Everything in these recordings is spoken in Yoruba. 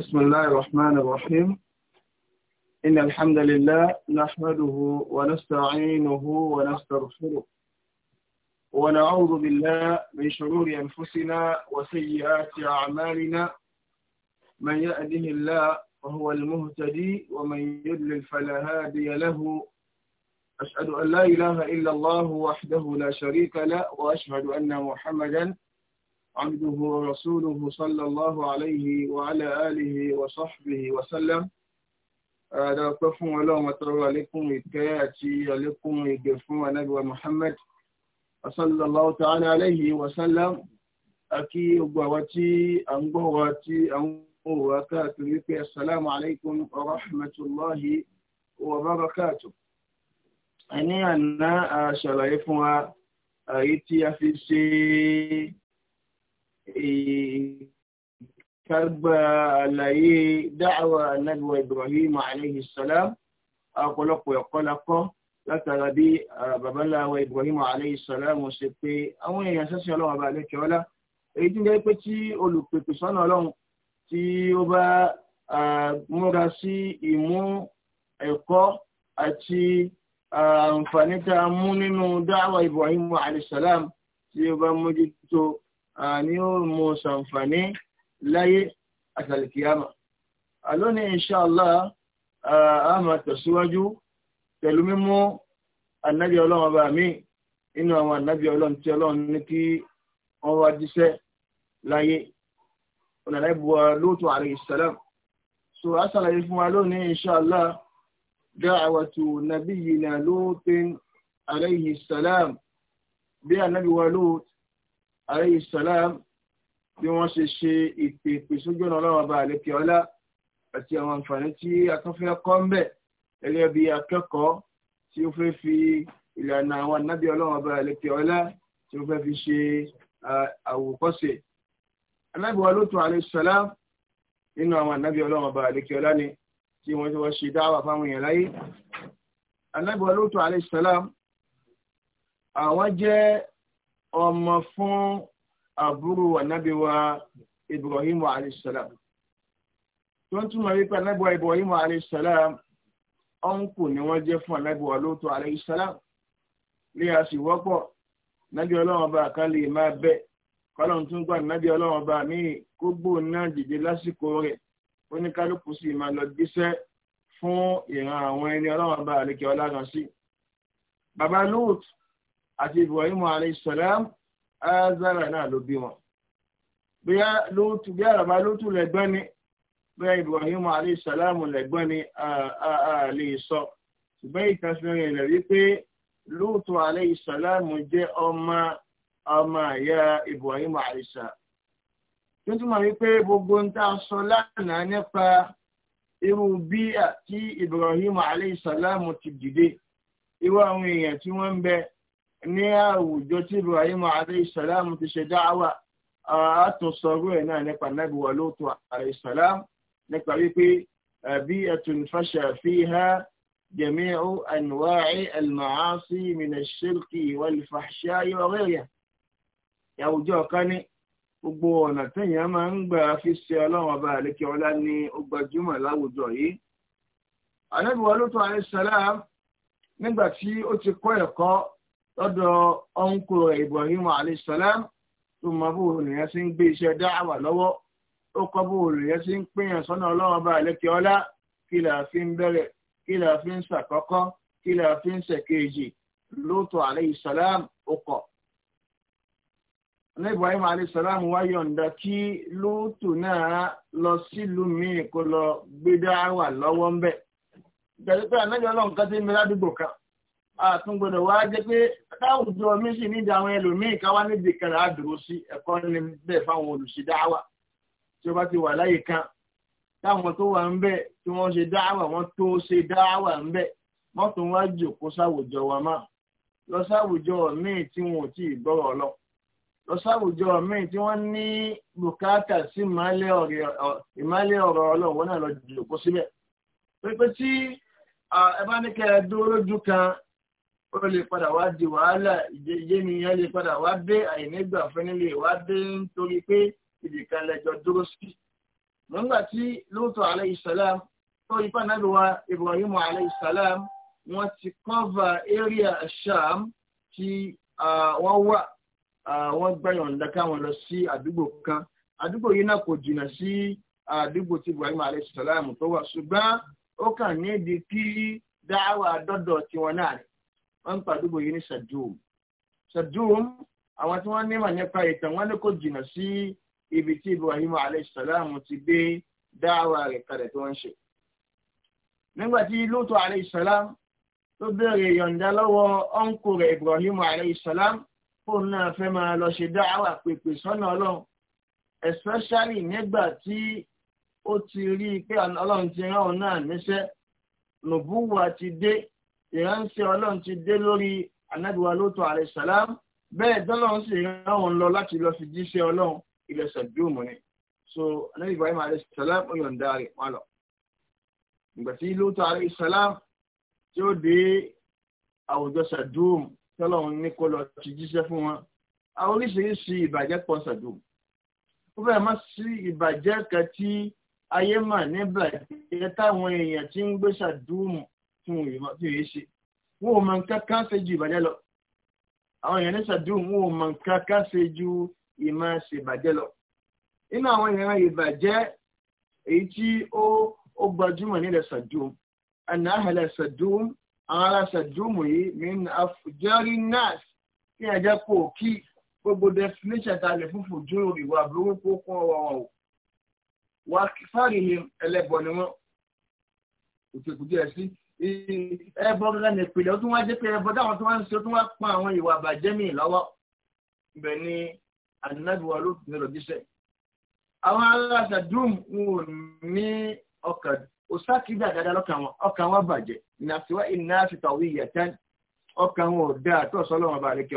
بسم الله الرحمن الرحيم إن الحمد لله نحمده ونستعينه ونستغفره ونعوذ بالله من شرور أنفسنا وسيئات أعمالنا من يأده الله وهو المهتدي ومن يدلل فلا هادي له أشهد أن لا إله إلا الله وحده لا شريك له وأشهد أن محمدا عبده ورسوله صلى الله عليه وعلى آله وصحبه وسلم أدعوكم فون ولو متروا عليكم إتكاياتي عليكم إدفون نبوة محمد صلى الله تعالى عليه وسلم أكي أبواتي أنبواتي أنبواتي السلام عليكم ورحمة الله وبركاته أني أنا شرائفها أيتي في kágbà àlàyé dáhàwà anábìwà Ibrahim alayhi salam ọ̀pọ̀lọpọ̀ ẹ̀kọ́ la kọ́ látara bí babaláwa Ibrahim alayhi salam ṣe pé àwọn èèyàn sẹ́sìn ọlọ́run ọba àlẹ́kẹ́ ọlá èyí tí ń jẹ́ pé tí olùpèpè sọ́nà ọlọ́run tí ó bá múra sí ìmú ẹ̀kọ́ àti àǹfààní tá a mú nínú dáhàwà Ibrahim alayhi salam tí ó bá mójútó ni ó mú ṣàǹfààní láyé àtàlìkìyàmà. Àlónì inṣàlá a máa tẹ̀síwájú pẹ̀lú mímú ànábì ọlọ́run ọba mi nínú àwọn ànábì ọlọ́run tí ọlọ́run ní kí wọ́n wá jíṣẹ́ láyé. Ọ̀nàláìbùwà Lóòtù alayhi salam. So, a ṣàlàyé fún wa lónìí inṣàlá da'awatu nabiyyina Lóòtù alayhi salam. Bí ànábì wa Lóòtù alayhi salam bí wọ́n ṣe ṣe ìpè ìpèsójú ọ̀nà ọlọ́run ọba àlékè ọlá àti àwọn àǹfààní tí akọ́fẹ́ kọ́ ń bẹ̀ gẹ́gẹ́ bí akẹ́kọ̀ọ́ tí ó fẹ́ fi ìlànà àwọn ànábì ọlọ́run ọba àlékè ọlá tí ó fẹ́ fi ṣe àwòkọ́ṣe. ànábì wa Lútù alayhi salam nínú àwọn ànábì ọlọ́run ọba àlékè ọlá ni tí wọ́n ti wọ́n ṣe dáwà fáwọn èèyàn láyé. ànábì wa Lútù alayhi salam àwọn jẹ́ ọmọ fún àbúrò ànábìwá Ibrahim alayhisalam tó ń túmọ̀ wípé ànábìwá Ibrahim alayhisalam ọ̀nkù ni wọ́n jẹ́ fún ànábìwá Lóòtù alayhisalam lè a sì wọ́pọ̀ nábì ọlọ́run ọba kan lè máa bẹ̀ kọ́lọ́n tún gbà nábì ọlọ́run ọba míì kó gbóòn náà dìde lásìkò rẹ̀ oníkálukú sì máa lọ gbéṣẹ́ fún ìran àwọn ẹni ọlọ́run ọba àlekè ọlá kan sí. bàbá Lóòtù àti Ibrahim aleyhisselam azara náà ló bí wọn bóyá lóòtú bí àràbà lóòtú lẹ́gbẹ́ ni bóyá Ibrahim aleyhisselam lẹ́gbẹ́ ni àlè sọ ṣùgbọ́n ìkàsílẹ̀ rẹ̀ wípé lóòtú aleyhisselam jẹ́ ọmọ ọmọ ìyá Ibrahim aleyhisselam tó túmọ̀ wípé gbogbo ń tá a sọ lánàá nípa irú bí àti Ibrahim aleyhisselam ti dìde irú àwọn èèyàn tí wọ́n ń bẹ ní àwùjọ tí Ibrahim aleyhisselam ti ṣe dáwà àtúnsọ̀rọ̀ ẹ̀ náà nípa nábì wa Lóòtù aleyhisselam nípa wípé بيئة فشى فيها جميع أنواع المعاصي من الشرك والفحشاء وغيرها àwùjọ kan ní gbogbo ọ̀nà téèyàn máa ń gbà fi ṣe ọlọ́run ọba àlékè ọlá ní ọgbàjúmọ̀ láwùjọ yìí. ànábì wa nígbà tí ó ti kọ́ ẹ̀kọ́ lọ́dọ̀ ọ̀nkù Ibrahim alayhisalam tó mọ bó olùyẹn sí ń gbé iṣẹ́ dáhàwà lọ́wọ́ ó kọ́ bó olùyẹn sí ń pínyàn sọ́nà ọlọ́run bá bere ọlá kí là bẹ̀rẹ̀ kí là ṣàkọ́kọ́ kí là ṣèkejì lọ sílùú míì kó lọ gbé lọ́wọ́ ń àtúngbọ̀dọ̀ wá jẹ́ pé táwùjọ méjì nídìí àwọn ẹlòmíì káwá níbi kan àdúró sí ẹ̀kọ́ ní bẹ́ẹ̀ fáwọn olùṣe dáwà tí ó bá ti wà láyé kan táwọn tó wà ń bẹ̀ tí wọ́n ṣe dáwà wọ́n tó ṣe dáwà ń bẹ̀ mọ́tò wá jòkó sáwùjọ wa máa lọ sáwùjọ míì tí wọn ò tí ì gbọ́rọ̀ lọ lọ sáwùjọ míì tí wọ́n ní bùkátà sí ìmálẹ̀ ọ̀rọ̀ ọlọ́wọ́ náà lọ jòkó síbẹ̀ pé pé tí ẹ bá ní kẹ́ ẹ dúró lójú kan ó lè padà wá di wàhálà ìjẹniyàn lè padà wá dé àìnígbà fúnilé wá dé nítorí pé ìdìkan lẹjọ dúró sí. nígbà tí lóòótọ́ alayhi salam tó ipá náà wá Ibrahim alayhi salam wọ́n ti kọ́va area Sham tí wọ́n wà wọ́n gbẹ̀yàn lẹ́káwọn lọ sí àdúgbò kan àdúgbò yìí náà kò jìnnà sí àdúgbò tí Ibrahim alayhi salam tó wà ṣùgbọ́n ó kàn ní ibi kí dáhàwá dọ́dọ̀ tiwọn náà rẹ̀ wọ́n ń pàdúgbò yìí ní sadum sadum àwọn tí wọ́n nímọ̀ nípa ìtàn wọn ló kó jìnnà sí ibi tí ibrahim aleyhisalaam ti gbé dáwà rẹ̀ kalẹ̀ tó ń ṣe nígbà tí lóòótọ́ aleyhisalaam tó béèrè yọ̀ǹda lọ́wọ́ ọ̀nkù rẹ̀ ibrahim aleyhisalaam fóun náà fẹ́ máa lọ ṣe dáwà pèpè sọ́nà ọlọ́run especially nígbà tí ó ti rí i pé ọlọ́run ti rán òun náà níṣẹ́ nùbúwà ti dé ìránṣẹ́ ọlọ́run ti dé lórí anábìwá lóòótọ́ ààrẹ sàlám bẹ́ẹ̀ dọ́lọ́run sì rán òun lọ láti lọ fi jíṣẹ́ ọlọ́run ilẹ̀ sàdúùmù ni so anábì ibrahim ààrẹ sàlám ó yọ̀ǹda rẹ̀ wọn lọ. ìgbà tí lóòótọ́ ààrẹ sàlám tí ó dé àwùjọ sàdúùmù tọ́lọ́run ní kó lọ ti jíṣẹ́ fún wọn àwọn oríṣiríṣi ìbàjẹ́ pọ̀ sàdúùmù ó fẹ́ẹ̀ má sí ìbàjẹ́ kan tí ayé mà níbàjẹ́ tí wọn ò yé ṣe wọn ò mọ nǹkan kan ṣe ju ìbàjẹ́ lọ àwọn èèyàn ní sàdúrà wọn ò mọ nǹkan kan ṣe ju ìmọ̀ ṣèbàjẹ́ lọ nínú àwọn ìran ìbàjẹ́ èyí tí ó ó gbajúmọ̀ nílẹ̀ sàdúrà àná àhàlẹ̀ sàdúrà àwọn ará sàdúrà yìí mi ń àfùjẹ́rì nurse kí ẹ jẹ́ kó kí gbogbo definition ta lè fún fòjú ìwà burúkú kún ọwọ́ wọn o wà fáàrí ni ni wọ́n kò tẹ̀kù sí ẹbọ gẹ́gẹ́ ní ìpìlẹ̀ ó tún wá jẹ́ pé ẹbọ dáwọn tó wá ń ṣe ó tún wá pọn àwọn ìwà àbàjẹ́ mi lọ́wọ́ ibẹ̀ ni àdínábìwá ló ti lọ jíṣẹ́ àwọn aláṣà dùn wọn ò ní ọkàn òsákìdá dáadáa lọ́kàn wọn ọkàn wọn bàjẹ́ ìnàṣíwá iná ṣètàwé ìyàtán ọkàn wọn ò dáa tó ọ̀sọ́ lọ́wọ́ bàrẹ̀ kí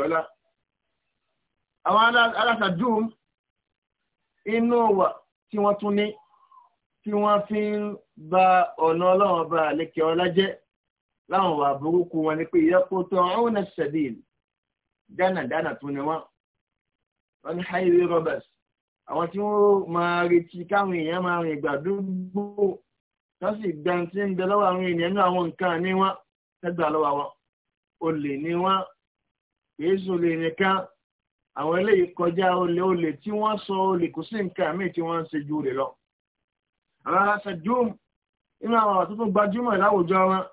àwọn aláṣà dùn inú wà tí wọ́n tún ní tí wọ́n fi ń ba ọ̀nà ọlọ́run ọba àlékè ọlá jẹ́ láwọn wà burúkú wọn ni pé ìyẹ́kótó ọ̀hún ṣẹ̀díìl dánadáná tún ni wọ́n wọ́n ní highway robbers àwọn tí wọ́n máa retí káwọn èèyàn máa rìn gbàdúgbò tó sì gbà tí ń bẹ lọ́wọ́ àwọn ènìyàn ní àwọn nǹkan ní wọ́n tẹ́gbà lọ́wọ́ wọn olè ní wọ́n kìí sùn lè nìkan àwọn eléyìí kọjá olè olè tí wọ́n sọ olè kò sí nǹkan míì tí wọ́n ń ṣe ju rẹ̀ lọ. àwọn aṣáájú inú àwọn àwọn tuntun gbajúmọ̀ láwùjọ wọn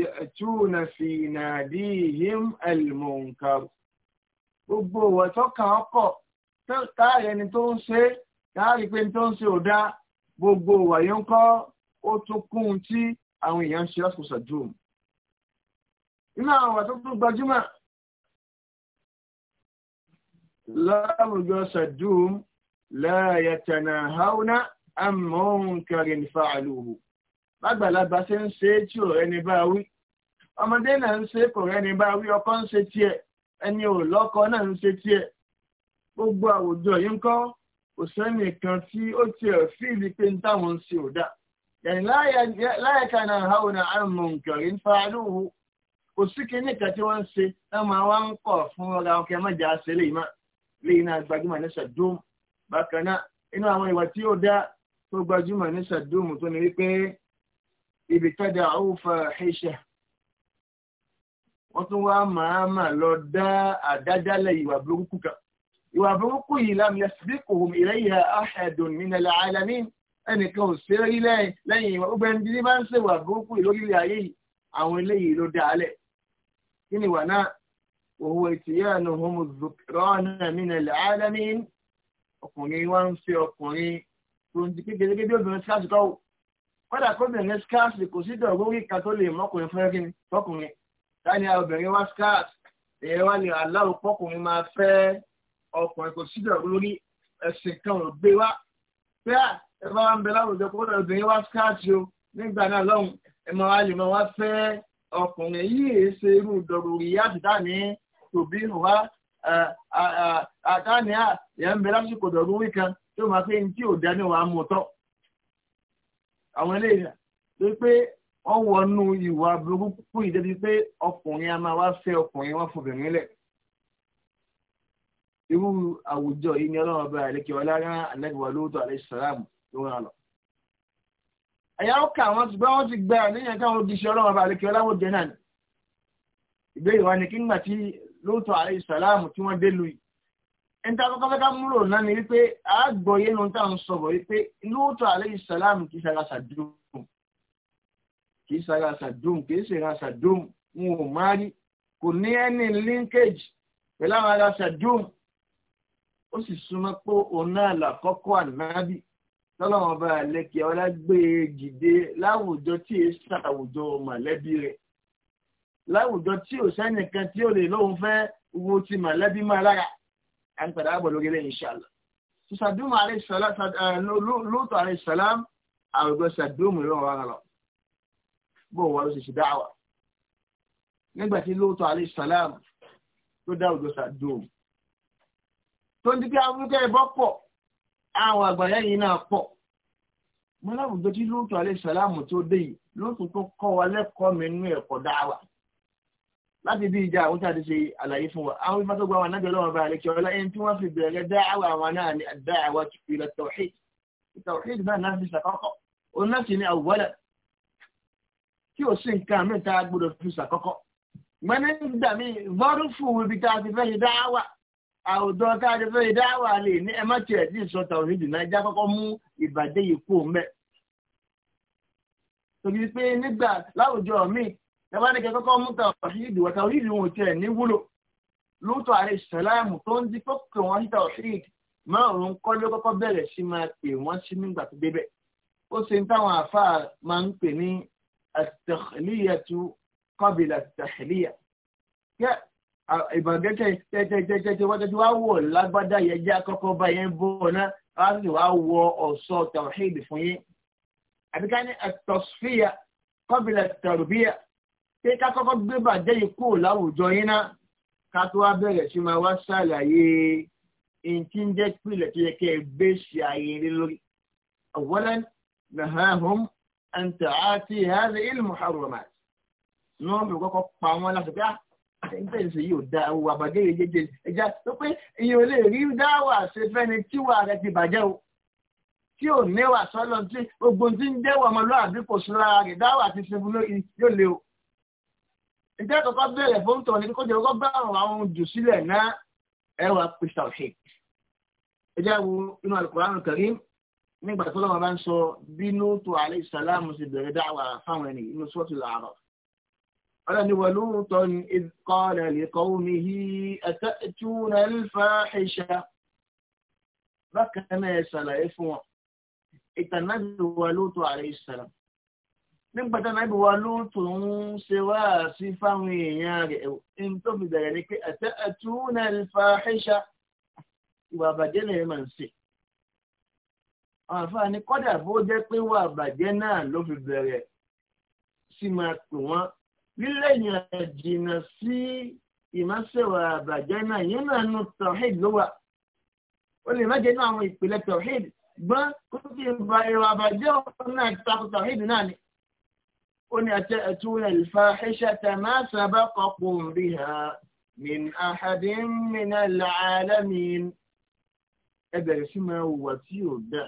ya'tuna fi nadihim al-munkar gbogbo ìwọ̀ tọ́ka ọkọ̀ táàrí ẹni tó ń ṣe táàrí pé tó ń ṣe ò dá gbogbo ìwà yẹn ń kọ́ ó tún kún tí àwọn èèyàn ń ṣe lásìkò sàdúrùm inú àwọn àwọn tuntun gbajúmọ̀ láwùjọ sàdúrùm la yatanahawna an munkarin fa'aluhu bàgbàlagbà ṣe ń ṣe tí ò rẹni bá wí ọmọdé náà ń ṣe kò rẹni bá wí ọkọ ń ṣe tiẹ̀ ẹni ò lọ́kọ náà ń ṣe tiẹ̀ gbogbo àwùjọ yìí ń kọ́ kò sẹ́ni kan tí ó tiẹ̀ fíìlì pé ń táwọn ń ṣe ò dá yẹn láyé kan náà ha òun náà àmọ̀ nǹkan rí ń fa lóhùn kò sí kinní kan tí wọ́n ń ṣe náà máa wá ń kọ̀ fún ọ̀la ọkẹ́ mọ́jà ṣe lè má lè iná gbajúmọ̀ ní sàdúm bákan náà inú àwọn ìwà tí ó dá tó gbajúmọ̀ ní sàdúm tó ní wípé ibtada fahisha wọ́n tún wá máa mà lọ dá àdádálẹ̀ ìwà burúkú kan ìwà burúkú yìí lam yasbiquhum ilayha ahadun minal alamin ẹnìkan ò sí rí lẹ́yìn ìwà gbogbo ẹni tí bá ń ṣe ìwà burúkú yìí ayé yìí àwọn eléyìí ló dá alẹ̀ kí ni ìwà náà òhun ityanuhum dhukrana minal alamin ọkùnrin wá ń kódà kóbìnrin scarce kò sí dọ̀gbọ́n wíkà tó lè mọ́kùnrin fún ẹgbẹ́ tọkùnrin táni obìnrin wá scarce èyí wá lè aláwọ̀ pọ́kùnrin máa fẹ́ ọkùnrin kò sí dọ̀gbọ́n lórí ẹ̀sìn kan ò gbé wá pé à ẹ bá wá ń bẹ láwùjọ kó dọ̀ obìnrin wá scarce o nígbà náà lọ́hùn ẹ máa wá lè máa wá fẹ́ ọkùnrin yìí èé ṣe irú dọ̀gbọ̀n yìí àti táni tòbí wá àtàní à yẹn ń bẹ lásìkò dọ̀gbọ̀n àwọn eléyìí lórí pé wọ́n wọnú ìwà burúkú ìdẹ́bi pé ọkùnrin a máa wá fẹ́ ọkùnrin wọn fòbìnrin lẹ̀. irú àwùjọ yìí ni ọlọ́run ọba àlekè ọlá rán àlẹ́gbẹ̀wá lóòótọ́ àlẹ́ sàlámù ló ràn lọ. ẹ̀yà ó kà wọ́n ṣùgbọ́n wọ́n ti gba àníyàn káwọn òdìṣẹ́ ọlọ́run ọba àlekè ọlá wọn jẹ náà ni. ìbéèrè wa ni kí nígbà tí lóòótọ́ àlẹ́ sàlámù tí wọ́n dé lu ẹnta kọ́kọ́fẹ́ká múlò náà ni wípé àgbọ̀yé nu tá à ń sọ̀rọ̀ wípé lóòótọ́ alayhi salam kì í sara sàdúùm kì í sara sàdúùm kì í sara sàdúùm wọn ò má rí kò ní ẹni linkage pẹ̀lú àwọn ará sàdúùm ó sì súnmọ́ pé òun náà làkọ́kọ́ ànábì tọ́lọ́wọ́n bá lẹ́kẹ̀ẹ́ ọlá gbé e dìde láwùjọ tí e ṣàwùjọ mọ̀lẹ́bí rẹ̀ láwùjọ tí ò tí ò lè lóun fẹ́ wo ti mọ̀lẹ́bí máa lára à ń padà bọ̀ lórí ilé salam. sàdúmù uh, lóòótọ́ salam. àrùgbọ́ sàdúmù ìrọ̀ wà lọ bó Bo ló sì ṣe dáwà nígbà tí lóòótọ́ àlẹ́sàlám tó dá ògbó sàdúmù tó ń di pé awúkẹ́ ẹbọ pọ̀ àwọn àgbàyà yìí náà pọ̀ mo láwùjọ tí lóòótọ́ àlẹ́sàlám tó dé yìí lóòótọ́ tó kọ́ wa lẹ́kọ̀ọ́ mi nú ẹ̀kọ́ dáwà láti bí ìjà àwọn tàbí ṣe àlàyé fún wa àwọn ìfà tó gba àwọn anábẹ̀rẹ̀ ọ̀rọ̀ bá àlẹ́kẹ́ ọ̀la ẹni tí wọ́n fi bẹ̀rẹ̀ dáàwà àwọn náà ní dáàwà ila tawhid tawhid náà náà fi ṣàkọ́kọ́ òun náà sì ní àwòwọ́lẹ̀ tí ò sí nǹkan mi ta gbọdọ̀ fi ṣàkọ́kọ́ gbẹ́ni nígbà mi vọ́rù fún ibi tá a ti fẹ́ ṣe dáàwà àwùjọ tá a ti fẹ́ dáàwà lè ní ẹ má tiẹ̀ tẹ́wádìí kọ́kọ́ mú tàwíìdì wà tàwíìdì wọn ò tiẹ̀ ní wúlò lóòótọ́ àrẹ ìsàlámù tó ń di kọ́kọ́ wọn ní tàwíìdì márùn-ún kọ́ ló kọ́kọ́ bẹ̀rẹ̀ sí máa pè wọ́n sí nígbà tó débẹ̀ ó ṣe ń táwọn àfáà máa ń pè ní àtẹ̀líyàtú kọ́bìlà tàhílíyà ìbàgẹ́ tẹ́tẹ́tẹ́tẹ́ wọ́n tẹ́tẹ́ wá wọ̀ lágbádá yẹn jẹ́ àkọ́kọ́ bá yẹn bọ́ ọ̀nà wọ́n sì wá wọ ọ̀ṣọ́ tàwíìdì fún yín àbíká ní àtọ̀sífíyà kọ́bìlà tàrùbíyà pé ká kọ́kọ́ gbé bàjẹ́ yìí kúrò láwùjọ yín ná ká tó wá bẹ̀rẹ̀ sí máa wá ṣàlàyé nǹkan jẹ́ pìlẹ̀ tó yẹ kẹ́ ẹ gbé ṣe ààyè rí lórí. awwalan nahahum an ta'ati hadhihi al-muharramat. náà mi kọ́kọ́ pa wọ́n láti pé ah, àtẹ̀yìntẹ̀ ìṣe yìí ò da owó àbàdé yìí jẹjẹ ẹja tó pé ìyẹn ò lè rí dáwà ṣe fẹ́ni tíwà rẹ ti bàjẹ́ o tí ò níwà sọ́lọ́ tí gbogbo ti ń jẹ́wọ́ ọmọlúwàbí kò sí rẹ̀ dáwà ti ṣe fún lórí yóò lé o ìjẹ́ kọ́kọ́ béèrè fún tọ̀ ní kó jẹ́ kọ́kọ́ bá àwọn jù sílẹ̀ náà ẹwà pista ọ̀ṣẹ́ ẹjẹ́ wo inú Al-Qur'an Karim nígbà tó lọ́wọ́ bá ń sọ bínú tó alayhi salam sì bẹ̀rẹ̀ dáwà fáwọn ẹni inú Suratul A'raf ọ̀rẹ́ ni wọ̀lú tọ́ ni idh qala li qawmihi atatuna al-fahisha bákan náà ẹ̀ sàlàyé fún wọn ìtànàbí nígbàtà náà ìbùwà ló tó ń ṣe wá sí fáwọn èèyàn rẹ̀ ẹni tó fi bẹ̀rẹ̀ ni pé àtẹ́ àtúnà ìfàhíṣà ìwà àbàjẹ́ lè máa ń ṣe. àwọn àfáà ní kọ́dà bó jẹ́ pé ìwà àbàjẹ́ náà ló fi bẹ̀rẹ̀ sí máa pè wọ́n lílẹ̀yìn àjìnà sí ìmọ̀sẹ̀wà àbàjẹ́ náà yẹn náà nu tọ̀hìd ló wà. ó lè má jẹ́ náà àwọn ìpìlẹ̀ tọ̀hìd gbọ́n kó ó ní أتأتون الفاحشة ما سبقكم بها من أحد من العالمين ẹ bẹ̀rẹ̀ sí máa wùwà tí ò dá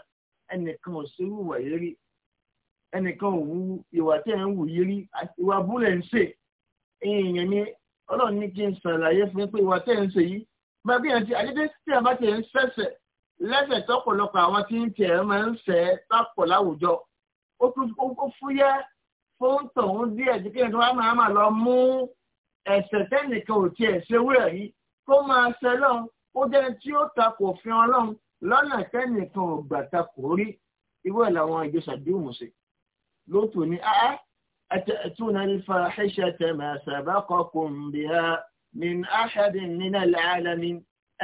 ẹnìkan ò sí wùwà yìí rí ẹnìkan ò wú ìwà tí ẹ̀ ń wù yìí rí ìwà búlẹ̀ ń ṣe èèyàn ni ọlọ́run ní kí n ṣàlàyé fún pé ìwà tẹ̀ ń ṣe yìí bá bí ẹn ti àdédé tí a bá ti ń ṣẹ̀ṣẹ̀ lẹ́sẹ̀ tọ́pọ̀lọpọ̀ àwọn tí ń tiẹ̀ máa ń ṣẹ̀ tápọ̀ láwùjọ ó fúyẹ́ fún tòun díẹ̀ tí kéèyàn tó wá máa máa lọ mú ẹ̀sẹ̀ tẹ́nìkan ò tiẹ̀ ṣe wúrẹ̀ yìí kó máa ṣe lọ́n ó jẹ́ tí ó takò òfin ọlọ́run lọ́nà tẹ́nìkan ò gbà takò rí irú ẹ̀ làwọn ìjọsà bí òun ṣe lótò ní áá ẹ̀tún náà ní fàáhíṣẹ́ tẹ̀mẹ̀ ṣàbá kọkùn bìhá ní áhàdín nínú àlàálàmí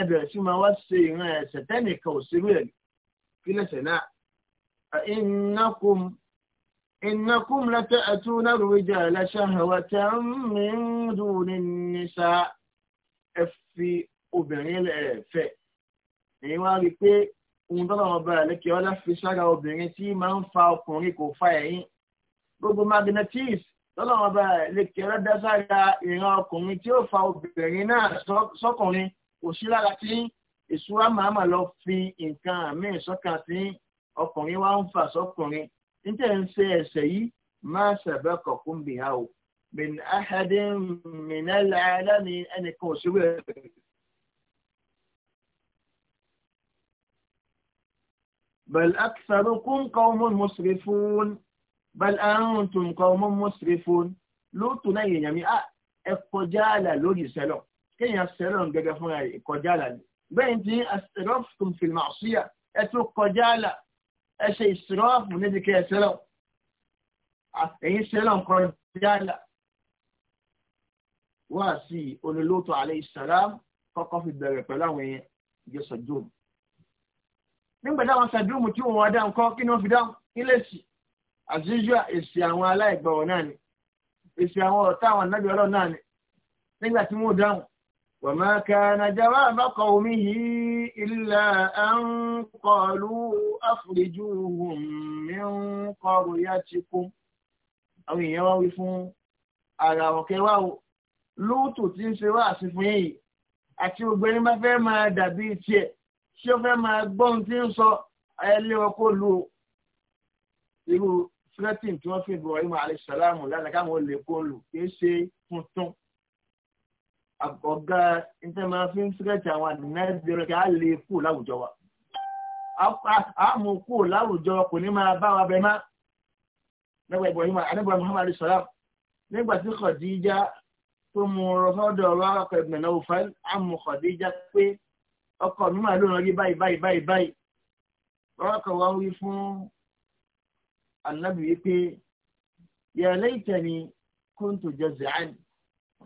ẹbẹ̀rẹ̀ tí máa wá ṣe ìran ẹ̀sẹ̀ tẹ́nìkan ò ṣe wúrẹ̀ kí lẹ́sẹ̀ náà إنكم لتأتون الرجال شهوة من دون النساء ẹ fi obìnrin lẹ́ẹ̀fẹ́ èyí wá rí i pé ohun tó náà bá ẹlẹ́kẹ̀ẹ́ ọlá fi sára obìnrin tí máa ń fa ọkùnrin kò fa ẹ̀yìn gbogbo magnetis tọ́lá wọn bá ẹlẹ́kẹ̀ẹ́ ọlọ́dá sára ìran ọkùnrin tí ó fa obìnrin náà sọ́kùnrin kò sí lára tí ìṣúra màmá lọ fi nǹkan àmì ìṣọ́kan tí ọkùnrin wá ń fà sọ́kùnrin. انت انسي ما سبقكم بها من احد من العالمين ان كوسو بل اكثركم قوم مسرفون بل انتم قوم مسرفون لو تنيه يمي ا آه، اكوجالا لوجي سلو كان يسرون بغا فون اكوجالا بنتي استرفتم في المعصيه اتو اكوجالا ẹ ṣe ìsìrọ́ọ̀fù níbi kí ẹ ṣẹlọ àtẹ̀yìn ṣẹlọ nǹkan jáàlà wá sí olólótò alẹ́ ìsàlám kọ́kọ́ fi bẹ̀rẹ̀ pẹ̀lú àwọn èèyàn ìjọ sọ̀dúùm nígbà táwọn sọ̀dúùm tí wọn wá dáhùn kọ́ kí ni wọ́n fi dáhùn kí lè sì àṣíjú èsì àwọn aláìgbọ̀wọ̀ náà ni èsì àwọn ọ̀tá àwọn ànábì náà ni nígbà tí wọ́n dáhùn وما كان جواب قومه إلا أن قالوا أخرجوهم من قريتكم àwọn èèyàn wá wí fún ara ọ̀kẹ́ wá o lóòótọ́ tí ń ṣe wá àṣìfún yìí àti gbogbo ẹni bá fẹ́ máa dàbí tiẹ̀ tí ó fẹ́ máa gbọ́n tí ń sọ ẹlẹ́ ọkọ̀ lu irú fúlẹ́tìn tí wọ́n fi Ibrahim alayhi salaam lánàá káwọn olè kó lù kì í ṣe tuntun ọ̀gá níta máa fi ń síkẹ́tì àwọn àdínẹ́bìrì kí á lè kú láwùjọ wa á mú kú láwùjọ kò ní máa bá wa bẹ má nígbà Ibrahim anábìrì Muhammadu sọlá nígbà tí Khadija tó mu rọ́fọ́dọ̀ ọ̀rọ̀ akọ̀ ìgbìmọ̀ òfà á mú Khadija pé ọkọ mi máa lóun rí báyìí báyìí báyìí báyìí wọ́n kọ̀ wá wí fún anábìrì pé yàrá ìtẹ̀ni kóńtò jẹ́ zẹ́ánì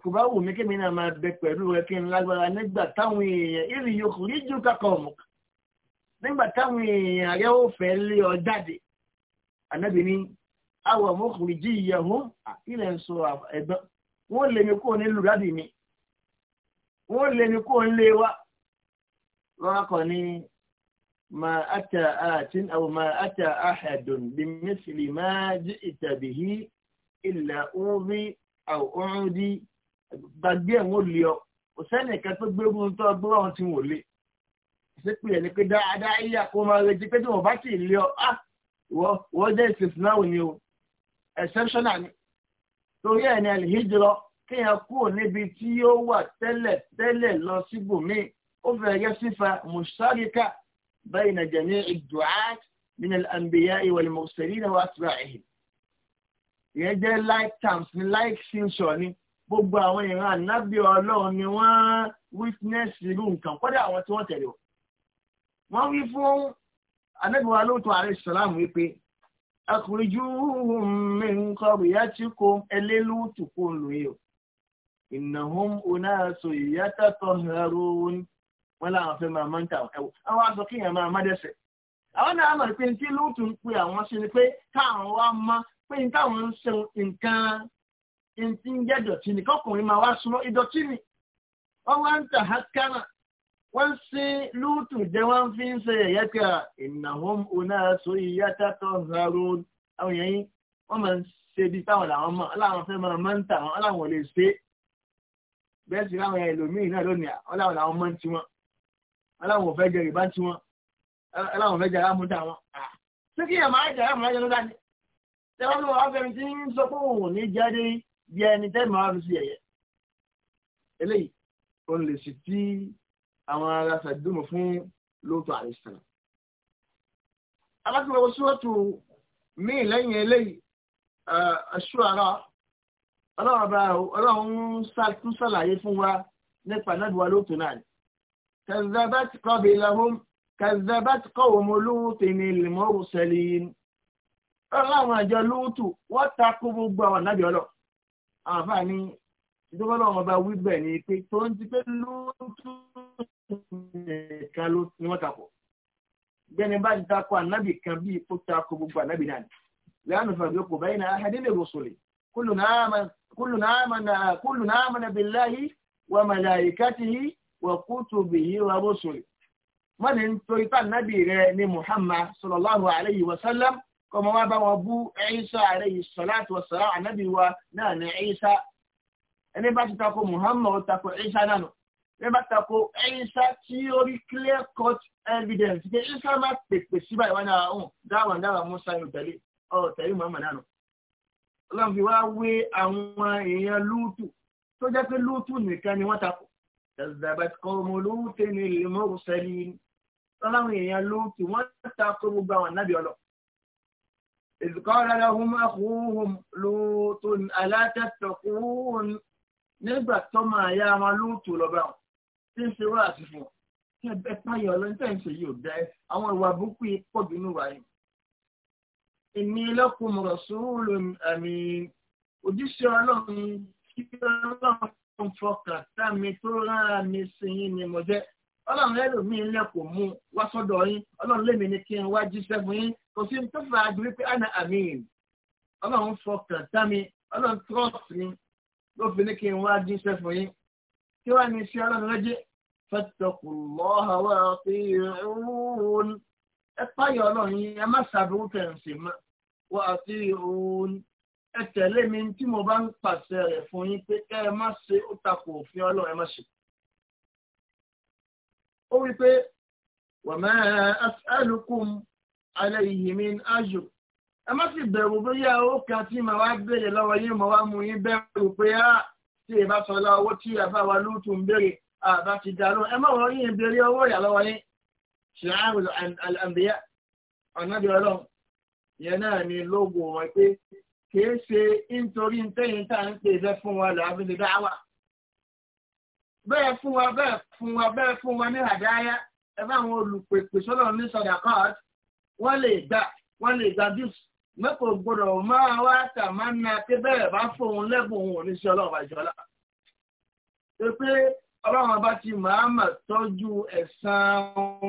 kò bá wù mí kémi náà máa bẹ pẹ̀lú rẹ kí n lágbára nígbà táwọn èèyàn ìrì yòókù rí ju kakọ̀ ọ̀mù nígbà táwọn èèyàn rẹ ó fẹ́ lé ọ jáde ànábì ní àwọn ọmọkùnrin jí ìyàwó ilẹ̀ ń sọ ẹ̀gbọ́n wọ́n lè mi kó ní lùdádì mi wọ́n lè mi kó lé wa lọ́wọ́ kan ma ata àtin àwọn ma ata àhàdùn bí mẹ́sìlì máa jí ìtàbí yìí ìlà òun gbàgbé ẹ̀ wọ́n lé ọ kò sẹ́nìkan tó gbé ohun tó gbé wọn tí wọ́n lé sípò ẹ̀ ní pé dáadáa ilé àkóhùn máa retí pé tí wọ́n bá sì lé ọ á ah, wọ́n jẹ́ ìsìnkú náà ni o exceptional ni torí ẹ̀ ní àlìhíjọ́ kéèyàn kúrò níbi tí yóò wà tẹ́lẹ̀ tẹ́lẹ̀ lọ síbòmíì ó fẹ́ yẹ sífa musharika bẹ́ẹ̀ nà jẹ̀mí ìdùáàt nínú àǹbẹ̀yà ìwàlùmọ̀sẹ̀rí náà wà síra ẹ̀yìn ìyẹn jẹ́ like terms ní like future ni gbogbo àwọn ìran ànábì ọlọ́run ni wọ́n witness irú nǹkan kọ́dà àwọn tí wọ́n tẹ̀lé o. wọ́n wí fún ànábì wa lóòótọ́ alayhi salam wípé akhrijuhum min qaryatikum ẹlẹ́lúùtù kò ń lò yìí o. innahum unasun yatatahharun wọn làwọn fẹ́ máa máa ń tà ẹ̀wọ̀ àwọn aṣọ kíyàn máa má dẹ́sẹ̀. àwọn náà mọ̀ pé tí lóòótù ń pe àwọn ṣe ni pé káwọn wá ntí ń jẹ́ dọ̀tí ni kọkùnrin máa wá súnmọ́ ìdọ̀tí ni wọ́n wá ń tà hákánà wọ́n sí lúùtù jẹ́ wọ́n fi ń ṣe ẹ̀yẹ́ kí ìnáhùn oná so ìyá tátọ́ rárú àwọn èèyàn yín wọ́n máa ń ṣe bí táwọn làwọn mọ̀ aláwọn fẹ́ máa máa ń tà wọn aláwọn lè ṣe bẹ́ẹ̀ sì láwọn ẹlòmíì náà lónìí aláwọn làwọn máa ń tiwọn aláwọn ò fẹ́ jẹ ìbá tiwọn aláwọn ò fẹ́ jẹ alámúdá wọn. ṣé kí ẹ̀ máa jẹ alámúdá jẹ ló dání? tẹ́wọ́n ló wà á fẹ́ràn bí ẹni tẹ́ máa fi sí ẹ̀yẹ eléyìí o lè sì tí àwọn ará sàdúmọ̀ fún lóòótọ́ àìsàn alákùnrin oṣooṣù míì lẹ́yìn eléyìí aṣọ ara ọlọ́run ń ṣàlàyé fún wa nípa náà wà lóòótọ́ náà كذبت قبلهم كذبت قوم لوط المرسلين ọlọ́run àjọ lóòótù wọ́n takú gbogbo àwọn ànábì àfà ní ìdókòlò ọmọ ọba wíbẹ̀ ni pé tó ń ti pé lóòótọ́ ẹ̀ka ló ni wọ́n takọ̀ bẹ́ẹ̀ni bá ti takọ̀ ànábì kan bíi kó takọ̀ gbogbo ànábì náà lẹ́yìn fàbí kò báyìí náà ahadin rusuli kulluna amana kulluna amana billahi wa malaikatihi wa kutubihi wa rusuli. wọ́n ní nítorí pé ànábì rẹ ni Muhammad sallallahu alayhi wa sallam kọmọ wá bá wọn bú Ìsá alayhi salatu wassalam ànábì wa náà ní Ìsá ẹni bá ti tako Muhammad tako Ìsá náà nù ẹni bá tako Ìsá tí ó rí clear cut evidence pé Ìsá máa pèpè síbà ìwà náà ọ̀hún dáwà dáwà Musa yóò tẹ̀lé ọ̀ oh, tẹ̀lé Muhammad náà nù ọlọ́run fi wá wé àwọn èèyàn lúùtù tó jẹ́ pé lúùtù nìkan ni wọ́n takò ẹ̀zẹ̀bẹ̀tì kan ọmọ lúùtù ní ìlú mọ́rùsẹ́lì ọlọ́run èèyàn lúùtù wọ́n takò gbogbo àwọn ànábì ọlọ́ إذ قال لهم أخوهم لوط ألا تتقون nígbà tó máa ya wọn lóòtù lọ́ba wọn tí ń ṣe wá àtìfún ẹ páyọ ọlọ́run tẹ́ ń ṣe yóò dá ẹ àwọn ìwà burúkú yìí pọ̀ bínú wa yìí. inni lakum rasulun amin ojúṣe ọlọ́run kí ọlọ́run fọkàn sámi tó rárá mi sí yín ni mo jẹ́ ọlọ́run ẹlòmíín lẹ́kọ̀ọ́ mú wá sọ́dọ̀ yín ọlọ́run lèmi ni kí n wá jíṣẹ́ fún yín kò sí tó fà á ju wípé ana amin ọlọ́run fọkàn tán mi ọlọ́run trust mi ló fi ní kí n wá jíṣẹ́ fún yín kí wàá ní iṣẹ́ ọlọ́run lọ́jẹ́ fattaqullaha wa ati'un ẹ páyọ̀ ọlọ́run yín ẹ má ṣàbẹ̀wò tẹ̀sí mọ́ wa ati'un ẹ tẹ̀lé mi tí mo bá ń pàṣẹ rẹ̀ fún yín pé ẹ má ṣe ó takò òfin ọlọ́run ẹ má ṣe. ó wí pé wa ma as'alukum alayhi min ajr ẹ má sì bẹ̀rù bóyá owó kan tí màá wá béèrè lọ́wọ́ yín màá wá mú yín bẹ̀rù pé á tí ì bá sọlá owó tí àbá wa lóòtú ń béèrè àbá ti dànù ẹ má wọ́n yín béèrè owó ìyá lọ́wọ́ yín ṣìláàrù al-anbiya ọ̀nàbí ọlọ́run yẹn náà ni lógo wọn pé kìí ṣe nítorí ntẹ́yìn tá à ń pè bẹ́ẹ̀ fún wa lọ́wọ́ fi lè bẹ́ẹ̀ fún wa bẹ́ẹ̀ fún wa bẹ́ẹ̀ fún wa ní àdáyá ẹ bá àwọn olùpèpè sọ́dọ̀ ní sọ̀dà kọ́ọ̀tù wọ́n lè gbà wọ́n lè gbà jùs mẹ́kò gbọ́dọ̀ máa wá tà máa na pé bẹ́ẹ̀ bá fóun lẹ́bùn òun ò ní sí ọlọ́run àjọlá. pé pé ọlọ́run bá ti máa mà tọ́jú ẹ̀san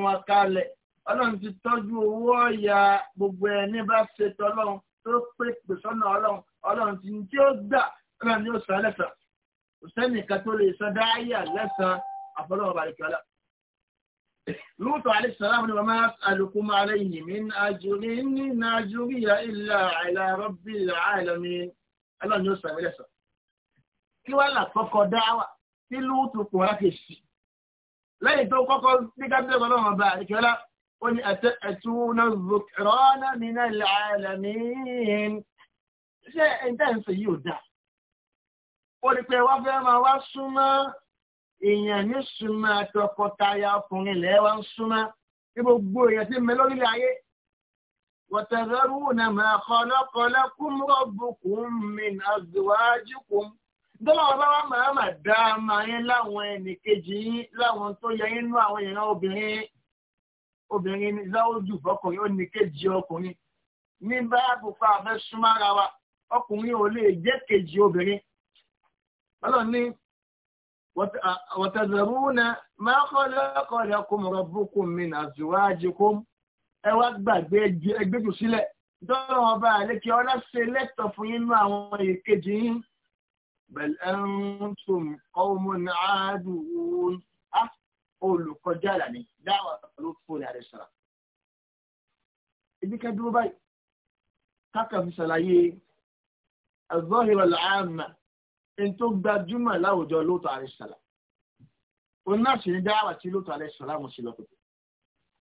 wọn kalẹ̀ ọlọ́run ti tọ́jú owó ọ̀yà gbogbo ẹni bá ṣe tọ́lọ́run tó pé pèsọ́nà ọlọ́run ọlọ́run ti ní tí ó gbà ọlọ́run ni ó sàn lẹ́sàn kò sẹ́nìkan tó lè san dáyà lẹ́sàn àfọlọ́run àjọlá lóòtọ́ alẹ́sàlámù ni wọ́n máa alùkún máa lẹ́yìn mi àjòrí ní nàìjíríà ilẹ̀ àìlàrọ̀ bí àìlàmí aláàní ó sàmì lẹ́sàn. kí wọ́n là kọ́kọ́ dá wà kí lóòtọ́ kò wá kè sí. lẹ́yìn tó kọ́kọ́ ní kábíyèsí èèyàn ní súnmọ́ tọkọtaya ọkùnrin lẹ́wà ń súnmọ́ ní gbogbo èèyàn tí mẹ́lọ́ nílé ayé. wọ́tẹ̀rẹ́rù náà máa kọ́lọ́kọ́lọ́ kún rọ́bùkún mi àzùwájú kún. dọ́là ọba wa máa mà dá máa yín láwọn ẹnìkejì yín láwọn tó yẹ yín àwọn èèyàn obìnrin obìnrin ní záwójú fọkùnrin ó ní kejì ọkùnrin ní báàbù fa àfẹ́ ara wa ọkùnrin ò lè jẹ́ kejì obìnrin. ọlọ́run ní وتذرون مَا خَلَقَ لَكُمْ رَبُّكُمْ مِنْ أَزْوَاجِكُمْ ẹ wá gbàgbé ẹgbẹ́jù sílẹ̀ dọ́rọ̀ ọba àlékè ọlọ́sẹ̀ lẹ́tọ̀ fún inú àwọn èkejì yín bal antum qawmun aadun á olùkọjá àlàní dáwà ló fún ní àdìsára. ibi kẹ́dúró báyìí káàkiri fi ṣàlàyé az-zahira al ẹni tó gbajúmọ̀ láwùjọ lóòótọ́ àrẹ́sàlá òun náà sì ní dáhàwá tí lóòótọ́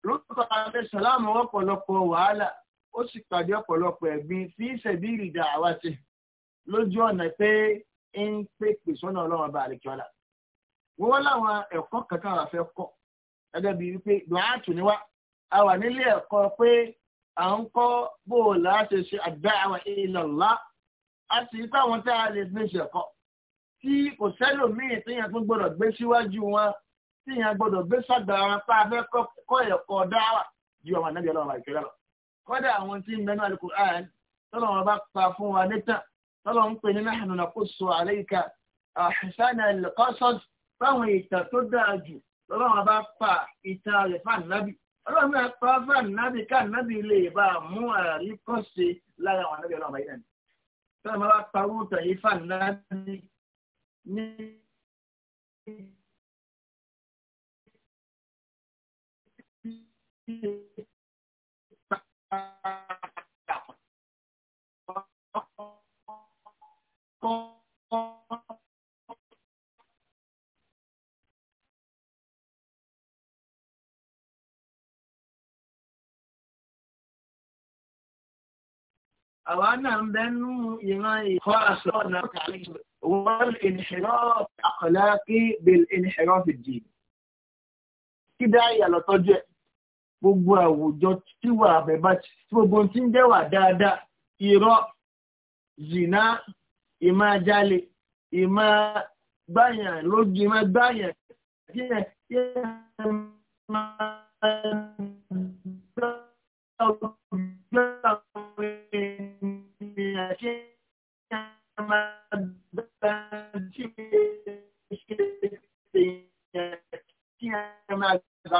lóòótọ́ ọ̀pọ̀lọpọ̀ wàhálà ó sì fi àwa ti lójú ọ̀nà pé ń pèpè sọ́nà ọlọ́run bá àríkíọ́lá. wọ́n wá láwọn ẹ̀kọ́ kankan wà fẹ́ kọ́ gẹ́gẹ́ bíi wípé dùhátù ni wá a wà nílé ẹ̀kọ́ pé à ń kọ́ ṣe àgbà àwọn a sì ń táwọn tá a lè gbé ṣẹ̀kọ́ tí kò sẹ́lòmíì tíyẹn tún gbọ́dọ̀ gbé síwájú wọn tíyẹn gbọ́dọ̀ gbé sàgbàrá wọn tá a fẹ́ kọ́ ẹ̀kọ́ dáwà ju àwọn ànábì ọlọ́run àìkẹ́rẹ́ lọ. kọ́dà àwọn tí ń bẹnu àlùkò ààrẹ tọ́lọ̀ wọn bá pa fún wa nítàn tọ́lọ̀ ń pè ní nahnu naqussu alayka ahsana al-qasas fáwọn ìtàn tó dáa jù tọ́lọ̀ wọn bá pa ìtàn rẹ̀ fáànù ọlọ́run náà pa fáànù nábì lè bá mú àríkọ́sí lára àwọn ànábì ọlọ́run àìkẹ́rẹ́ táwọn máa wá parú tàn yìí fà náàbì ní. Thank you. أو náà ń bẹnu ìran ìkọ́ àṣọ ọ̀nà wọ́n inhiraf akhlaqi bil inhiraf fìdí. kí dáyà lọ tọ́jú ẹ̀ gbogbo àwùjọ tí wà àbẹ̀bá tí gbogbo ti ń dẹ́wà dáadáa irọ́ zina ìmájálè ìmá gbáyàn lójú ìmá gbáyàn kí ẹ̀ kí ẹ̀ ojú àwọn ènìyàn ṣe máa dá sí ṣe èèyàn kí ẹ máa gbà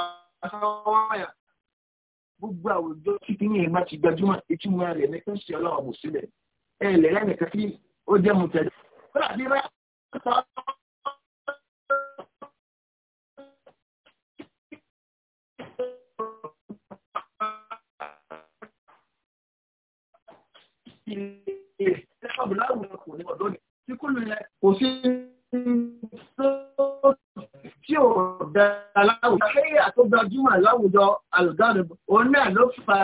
sọ́wọ́ yàn. Gbogbo àwùjọ tí kí ní ẹ̀ máa ti gbajúmọ̀ ìtumọ̀ rẹ̀ ní kí ń ṣe ọlọ́run bò sílẹ̀. Ẹ lẹ́yìn nìkan tí ó jẹ́ mu tẹ̀lé. Kọ́lá bí rẹ̀ sọ́ọ́. ti lè ṣẹ́kọ̀ọ́ láwùjọ kò ní ọ̀dọ́ ni tí kò lè kò sí tí ò dára láwùjọ. Akẹ́yà tó gbajúmọ̀ láwùjọ Algarib, òun náà ló fa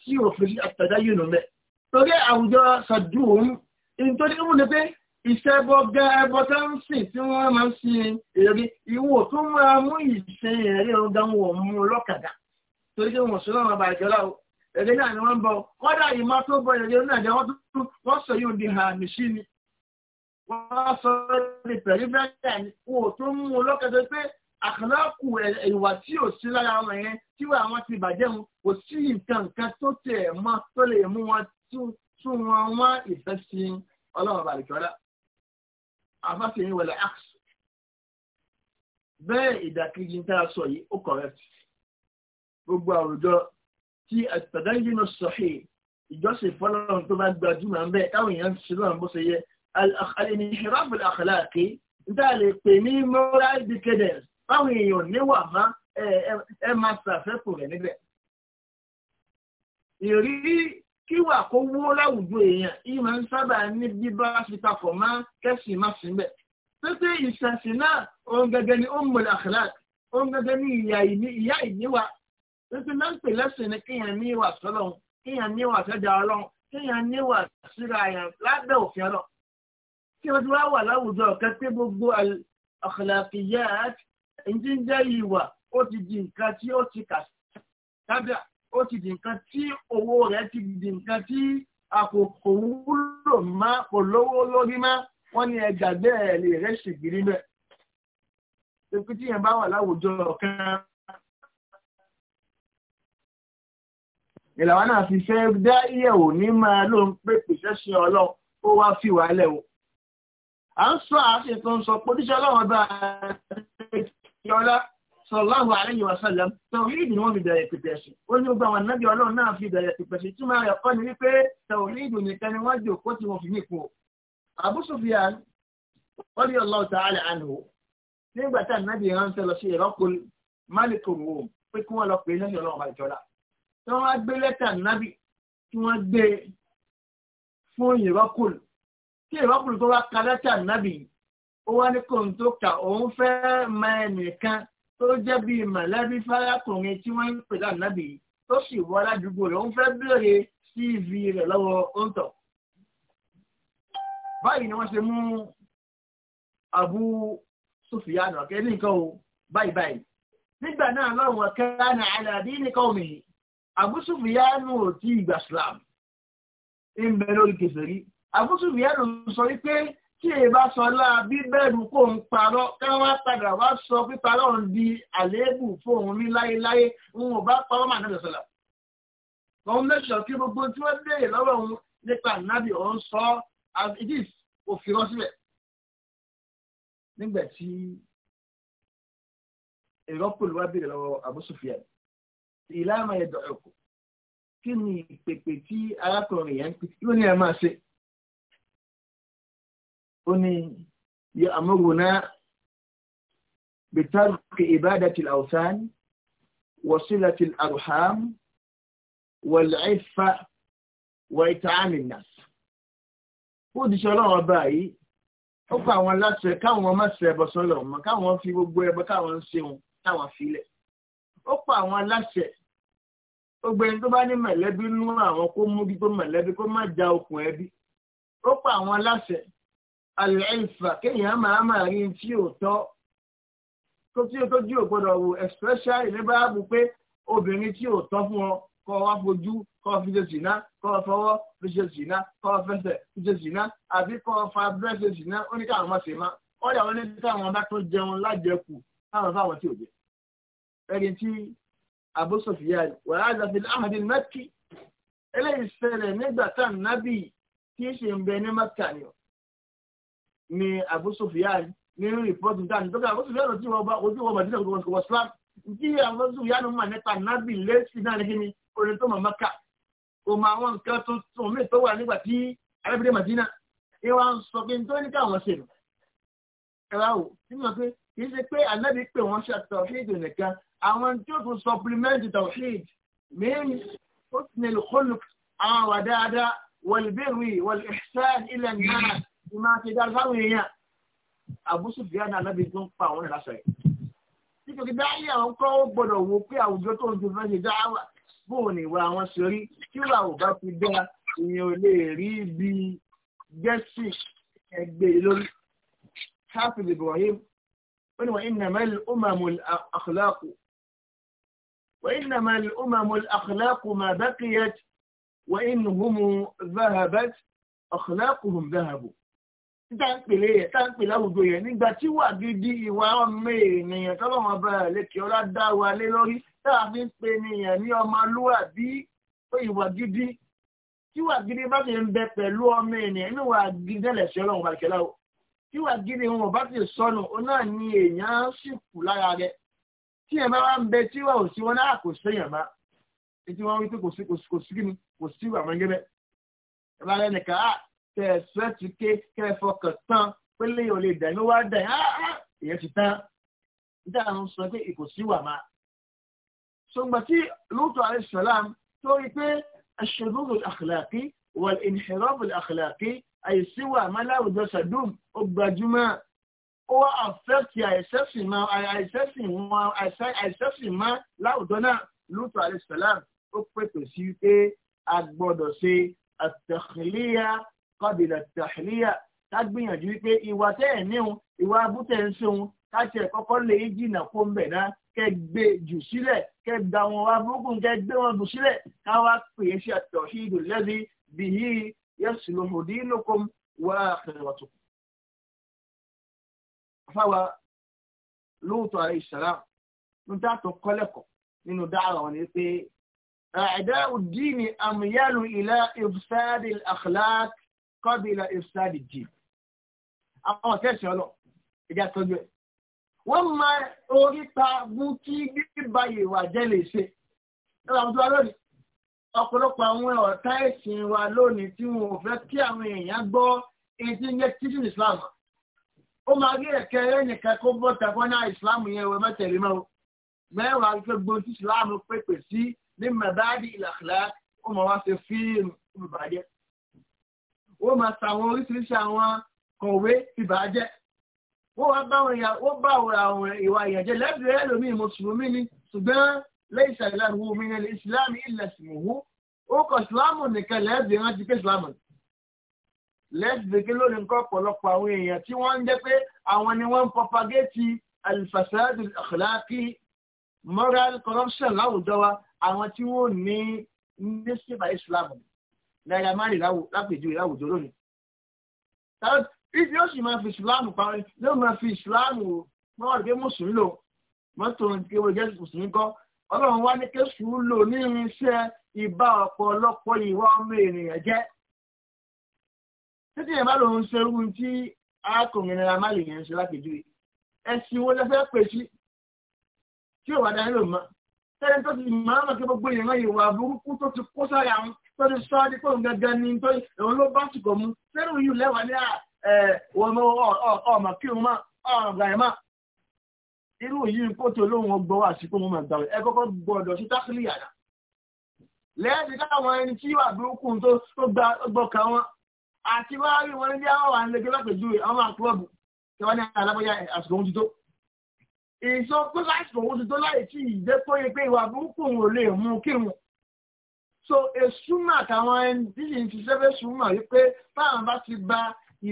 tí òfin àtàdá yìí nù mẹ́. Torí àwùjọ Sàdúùm, nítorí ó ní pé ìṣẹ́bọ gẹ ẹbọ tó ń sìn tí wọ́n máa ń sin èrè ìwò tó máa mú ìsìn èrè ọ̀gá wọn mú lọ́kàdá. Torí pé wọ́n sọ náà bàjẹ́ láwùjọ èdè náà ni wọ́n ń bọ̀ kọ́dà yìí máa tó bọ èdè náà jẹ́ wọ́n sọ yóò di hàn nìṣí ni wọ́n sọ ní pẹ̀lú bẹ́ẹ̀ ni wò tó ń mú lọ́kẹ́tẹ́ pé àkànlákù ìwà tí ò sí lára wọn yẹn tí wà wọn ti bàjẹ́ wọn kò sí nǹkan kan tó tẹ̀ mọ́ tó lè mú wọn tún wọn wá ìfẹ́ sí ọlọ́run bàlùkọ́lá àfàṣeyìn wẹ̀lẹ̀ ax bẹ́ẹ̀ ìdàkejì ń tẹ́ a sọ yìí ó correct gbogbo àwùjọ tí àtàdáyé náà sọ̀hìn ìjọsìn fọlọ́run tó bá gbajúmọ̀ ń bẹ́ẹ̀ táwọn èèyàn ṣe lọ́run bó ṣe yẹ al-inhiraf al-akhlaqi níta lè pè ní moral decadence báwọn èèyàn níwà má ẹ máa ṣàfẹ́kù rẹ̀ níbẹ̀. ìrírí kíwà kó wó láwùjọ èèyàn ìmọ̀ ń sábà ní bíbá sí má kẹ́sì má sí bẹ̀. pépé ìṣẹ̀sìn náà òun gẹ́gẹ́ ni ummul akhlaq òun gẹ́gẹ́ ni ìyá ìníwà nítorí náà ń pè lẹ́sìn ni kéèyàn ní ìwà sọ́lọ́hún kéèyàn ní ìwà sẹ́jà ọlọ́hún kéèyàn ní ìwà síra yẹn lábẹ́ òfin ọlọ́ tí o ti wá wà láwùjọ ọ̀kẹ́ pé gbogbo akhlaqiyat ẹ̀ǹtí ń jẹ́ ìwà ó ti di nǹkan tí ó ti kà sábà ó ti di nǹkan tí owó rẹ̀ ti di nǹkan tí àkókò wúlò má kò lówó lórí má wọ́n ní ẹgbàgbé ẹ̀ lè rẹ́ ṣègbè níbẹ̀. Èkútí yẹn bá wà láwùjọ ọ̀kan ìlàwọ́ náà fi fẹ́ dá ìyẹ̀wò ní máa ló ń pè pèsè ṣe ọlọ́ ó wá fi wà lẹ̀ o. à ń sọ àti tó ń sọ pòdíṣẹ́ ọlọ́run bá ìyọlá sallallahu alayhi wa sallam tawhid ni wọ́n fi bẹ̀rẹ̀ pípẹ́ sí. ó ní gbogbo àwọn nábì ọlọ́run náà fi bẹ̀rẹ̀ pípẹ́ sí tí máa yọkọ́ ni wípé tawhid nìkan ni wọ́n jò kó tí wọ́n fi ní ìkú. Abu Sufyan radiyallahu ta'ala anhu nígbà tá ànábì ránṣẹ́ lọ sí ìrọ́pọ̀ málìkù wò pé kí wọ́n lọ pè é lẹ́yìn ọlọ́run àjọlá tí wọ́n wá gbé lẹ́tà nábì tí wọ́n gbé fún ìrọ́kùlù tí ìrọ́kùlù tó wá ka lẹ́tà nábì ó wá ní kòun tó kà òun fẹ́ mọ ẹnìkan tó jẹ́ bíi mọ̀lẹ́bí fárákùnrin tí wọ́n ń pè lánàbì tó sì wọ aládùúgbò rẹ̀ òun fẹ́ béèrè cv rẹ̀ lọ́wọ́ òǹtọ̀. báyìí ni wọ́n ṣe mú Abu Sufyan ọ̀kẹ́ ní nǹkan o báyìí báyìí nígbà náà lọ́wọ́ kẹ́ránà àlàdí nìkan òmìnir àbúsùfìyánù ò tí ìgbà islam ń bẹ lórí kèsìrí àbúsùfìyánù sọ wípé tí èèbá sọ láà bí bẹ́ẹ̀rù kò ń parọ́ káwá padà wá sọ píparọ́ ń di àléébù fóun ní láéláé ń ò bá parọ́ màá nàbẹ̀ sọ̀lá. òun mẹ́sàn kí gbogbo tí wọ́n béèrè lọ́wọ́ òun nípa nábì òun sọ àdìs òfin rán síbẹ̀. nígbà tí èrò pòlù wá béèrè lọ́wọ́ àbúsùfìyánù ìlànà ẹ̀dọ̀ ẹ̀kọ́ kí ni ìpèpè tí arákùnrin yẹn ń pè kí ló ní ẹ máa ṣe ó ní yọ àmúrùnà bitarki ibadati al-awthan wa silati al-arham wal-iffa wa it'am an-nas ó di ó pa àwọn aláṣẹ káwọn má ṣe ẹbọ sọlọ mọ káwọn fi gbogbo ẹbọ káwọn ń ṣe wọn káwọn filẹ ó pa àwọn aláṣẹ gbogbo ẹni tó bá ní mẹ̀lẹ́bí nú àwọn kó mójú tó mẹ̀lẹ́bí kó má ja okùn ẹbí ó pa àwọn aláṣẹ àlẹ́fà kéèyàn máa máa rí tí ò tọ́ tó tí ó tó jí ò gbọ́dọ̀ wò especially ní bá bu pé obìnrin tí ò tọ́ fún ọ kọ́ wá fojú kọ́ fi ṣe sìná kọ́ fọwọ́ fi ṣe sìná kọ́ fẹsẹ̀ fi ṣe sìná àbí kọ́ fa abẹ́rẹ́ ṣe sìná ó ní káwọn máa ṣe má ọ̀dà wọn ní káwọn bá tó jẹun lájẹkù káwọn fáwọn tí ò jẹ ẹni tí Abu Sufyan wàá àdàfẹ́ láhàdì mẹ́kì eléyìí ṣẹlẹ̀ nígbà tá à ń nábì tí í ṣe ń bẹ ní mẹ́kà ni ọ ni Abu Sufyan ní rìpọ́tù dáa nítorí Abu Sufyan ló ti wọ bá ojú wọ màdínà kò wọ Islam tí Abu Sufyan mà nípa nábì lẹ́sì náà ní kíni orin tó mà mẹ́kà kò mọ àwọn nǹkan tuntun míì tó wà nígbà tí arábìnrin màdínà ìwà ń sọ pé nítorí káwọn ṣe nù ẹ wá wò sí mi pé kì í ṣe pé ànábì pé wọ́n ṣe àtọ̀ ṣé ìdò nìkan àwọn tí ó tún supplement tawhid min husn al-khuluq àwọn wà dáadáa wal-birri wal-ihsan ila an-nas ìmọ̀ àti ìdára fáwọn èèyàn Abu Sufyan alábi tó ń pa àwọn ìlàsọ̀ yìí. nítorí dáhìí àwọn kọ́ ó gbọ́dọ̀ wo pé àwùjọ tó ń ju fẹ́ ṣe dáhàwà bóun ìwà àwọn sọrí kí wà ò bá ti dá ìyẹn ò lè rí bí gẹ́sì ẹgbẹ́ lórí. hafiz Ibrahim ó ní wọn innamal umamul akhlaqu وإنما الأمم الأخلاق ما بقيت وإن هم ذهبت أخلاقهم ذهبوا táǹpìlẹ̀ yẹn táǹpìlẹ̀ àwùjọ yẹn nígbà tí wà gidi ìwà ọmọ ènìyàn tọ́lọ́mọ bá lẹ́kì ọlá dá wa lé lórí táà fi ń pe ènìyàn ní ọmọlúwàbí ìwà gidi tí wà gidi bá ti ń bẹ pẹ̀lú ọmọ ènìyàn inú wà gidi lẹ̀sẹ̀ ọlọ́run bàlùkẹ́lá o tí wà gidi wọn bá ti sọnù ọ náà ní èèyàn sì kù lára rẹ̀ tí ẹ̀ máa ń bẹ tí wà ò sí wọn náà ah, kò séèyàn má tí wọ́n wí pé kò sí kò sí kí ni kò sí wà máa ń gẹ́gẹ́ ẹ bá lẹ́nu ká ah, tẹ ẹ̀sọ́ ti ké kẹ́ ẹ fọkàn tán pé léyìn ò lè dà ní wá dà yín ah, ìyẹn ti tán níta àwọn sọ pé kò sí wà má. ṣùgbọ́n tí lóòótọ́ àrẹ sàlám tó rí pé aṣèlúrò àkàlàkí wal inhiraf àkàlàkí àìsíwà má láwùjọ sàdúm ó gbajúmọ̀ ó wá affect àìsẹ́sìn máa àìsẹ́sìn wọn àìsẹ́sìn máa láwùjọ náà lùtù àlẹ́sàlám ó pèpè sí pé a gbọ́dọ̀ ṣe àtẹ̀kìlíyà kọ́bìlà tẹ̀kìlíyà ká gbìyànjú wípé ìwà tẹ́ ẹ̀ níhun ìwà abútẹ̀ ń ṣeun ká tiẹ̀ kọ́kọ́ lè jìnnà kó ń bẹ̀ náà kẹ́ gbé jù sílẹ̀ kẹ́ gba wọn wá burúkú kẹ́ gbé wọn jù sílẹ̀ ká wá pè é sí àtọ̀ṣí ìdòlẹ́bí bìyí yẹ́sùlùmùdínlókòm wá àkẹrẹ̀wàtòkù fáwa lóòótọ́ àrẹ ìṣẹ̀lá ló dá tó kọ́lẹ́kọ̀ọ́ nínú dáhà wọn ni pé ẹ̀dá òdì ni àmúyálù ila ifsad al-akhlaq qabla ifsad al-din àwọn ọ̀tẹ́sẹ̀ ọlọ ẹ̀dá tọ́jú ẹ̀ wọ́n máa oríta gún kí bíbá ìwà jẹ́ lè ṣe lọ́wọ́ àbúrò lónìí ọ̀pọ̀lọpọ̀ àwọn ọ̀tá ẹ̀sìn wa lónìí tí wọn ò fẹ́ kí àwọn èèyàn gbọ́ èyí tí ń jẹ́ títí Islam ó máa rí ẹ̀kẹ́ ẹnìkan kó bọ́ tẹ̀fọ́nà ìsìláàmù yẹn ìwé mẹ́tẹ̀lé mọ́ mẹ́wàá wípé gbogbo ìsìláàmù pépè sí ní mẹ́bàádì ìlàkìlá ó máa wá ṣe fíìmù ìbàjẹ́ ó máa ṣàwọn oríṣiríṣi àwọn kọ̀wé ìbàjẹ́ ó wá báwọn ìyá ó bá àwọn ìwà ìyànjẹ lẹ́bìrì ẹlòmíì mùsùlùmí ni ṣùgbọ́n lẹ́yìn ìṣàlẹ̀ ìlànà ìsìláàmù ó kọ̀ ìsìláàmù nìkan lẹ́bìrì rántí pé ìsìláàmù ni lẹ́sìdìkì lónìí nǹkan ọ̀pọ̀lọpọ̀ àwọn èèyàn tí wọ́n ń jẹ́ pé àwọn ni wọ́n ń propagate al-fasad al-akhlaqi moral corruption láwùjọ wa àwọn tí wọ́n ní nísìbà islam náírà márùn lápèjúwe láwùjọ lónìí. yóò sì máa fi islam parí yóò máa fi islam wọ́n rẹ̀ pé mùsùlùmí lò mọ́tò ìwé jẹ́ mùsùlùmí kọ́ ọlọ́run wá ní kéṣù lò ní irinṣẹ́ ìbá ọ̀pọ̀lọpọ̀ ìwà ọmọ títí ẹ̀ bá lòun ṣerú tí akọ̀mìnira náírà máàlì yẹn ń ṣe lápèjúwe ẹ̀sìn wo lẹ́fẹ́ pè sí tí ò wá dání lò mọ́ tẹ́lẹ̀ tó ti máa mọ̀ kí gbogbo èèyàn náà ìwà burúkú tó ti kó sára wọn tó ti sọ ọ́ di pé gangan ni tó òun ló bá sùkọ̀ mu sẹ́nu yìí lẹ́wà ní ọmọ kí òun mọ̀ ọ̀gá ẹ̀ mọ̀ irú yìí ń kótó lóhun ọgbọ́ wà sí fún mọ̀ gbàwé ẹ kọ́kọ́ gbọ́dọ̀ sí tákìlì yàrá àti wá rí wọn ní àwọn àwọn àlejò lápèjúwe àwọn àkúrọ̀bù tí wọ́n ní alábọ́yá àsìkò ohun tító. èso pé láìsìkò ohun tító láì tí ìdé tó yẹ pé ìwà burúkú òun ò lè mú kírun. so èsúmọ̀ àtàwọn ẹni tí sì ń ṣiṣẹ́ fẹ́ súnmọ̀ wípé táwọn bá ti ba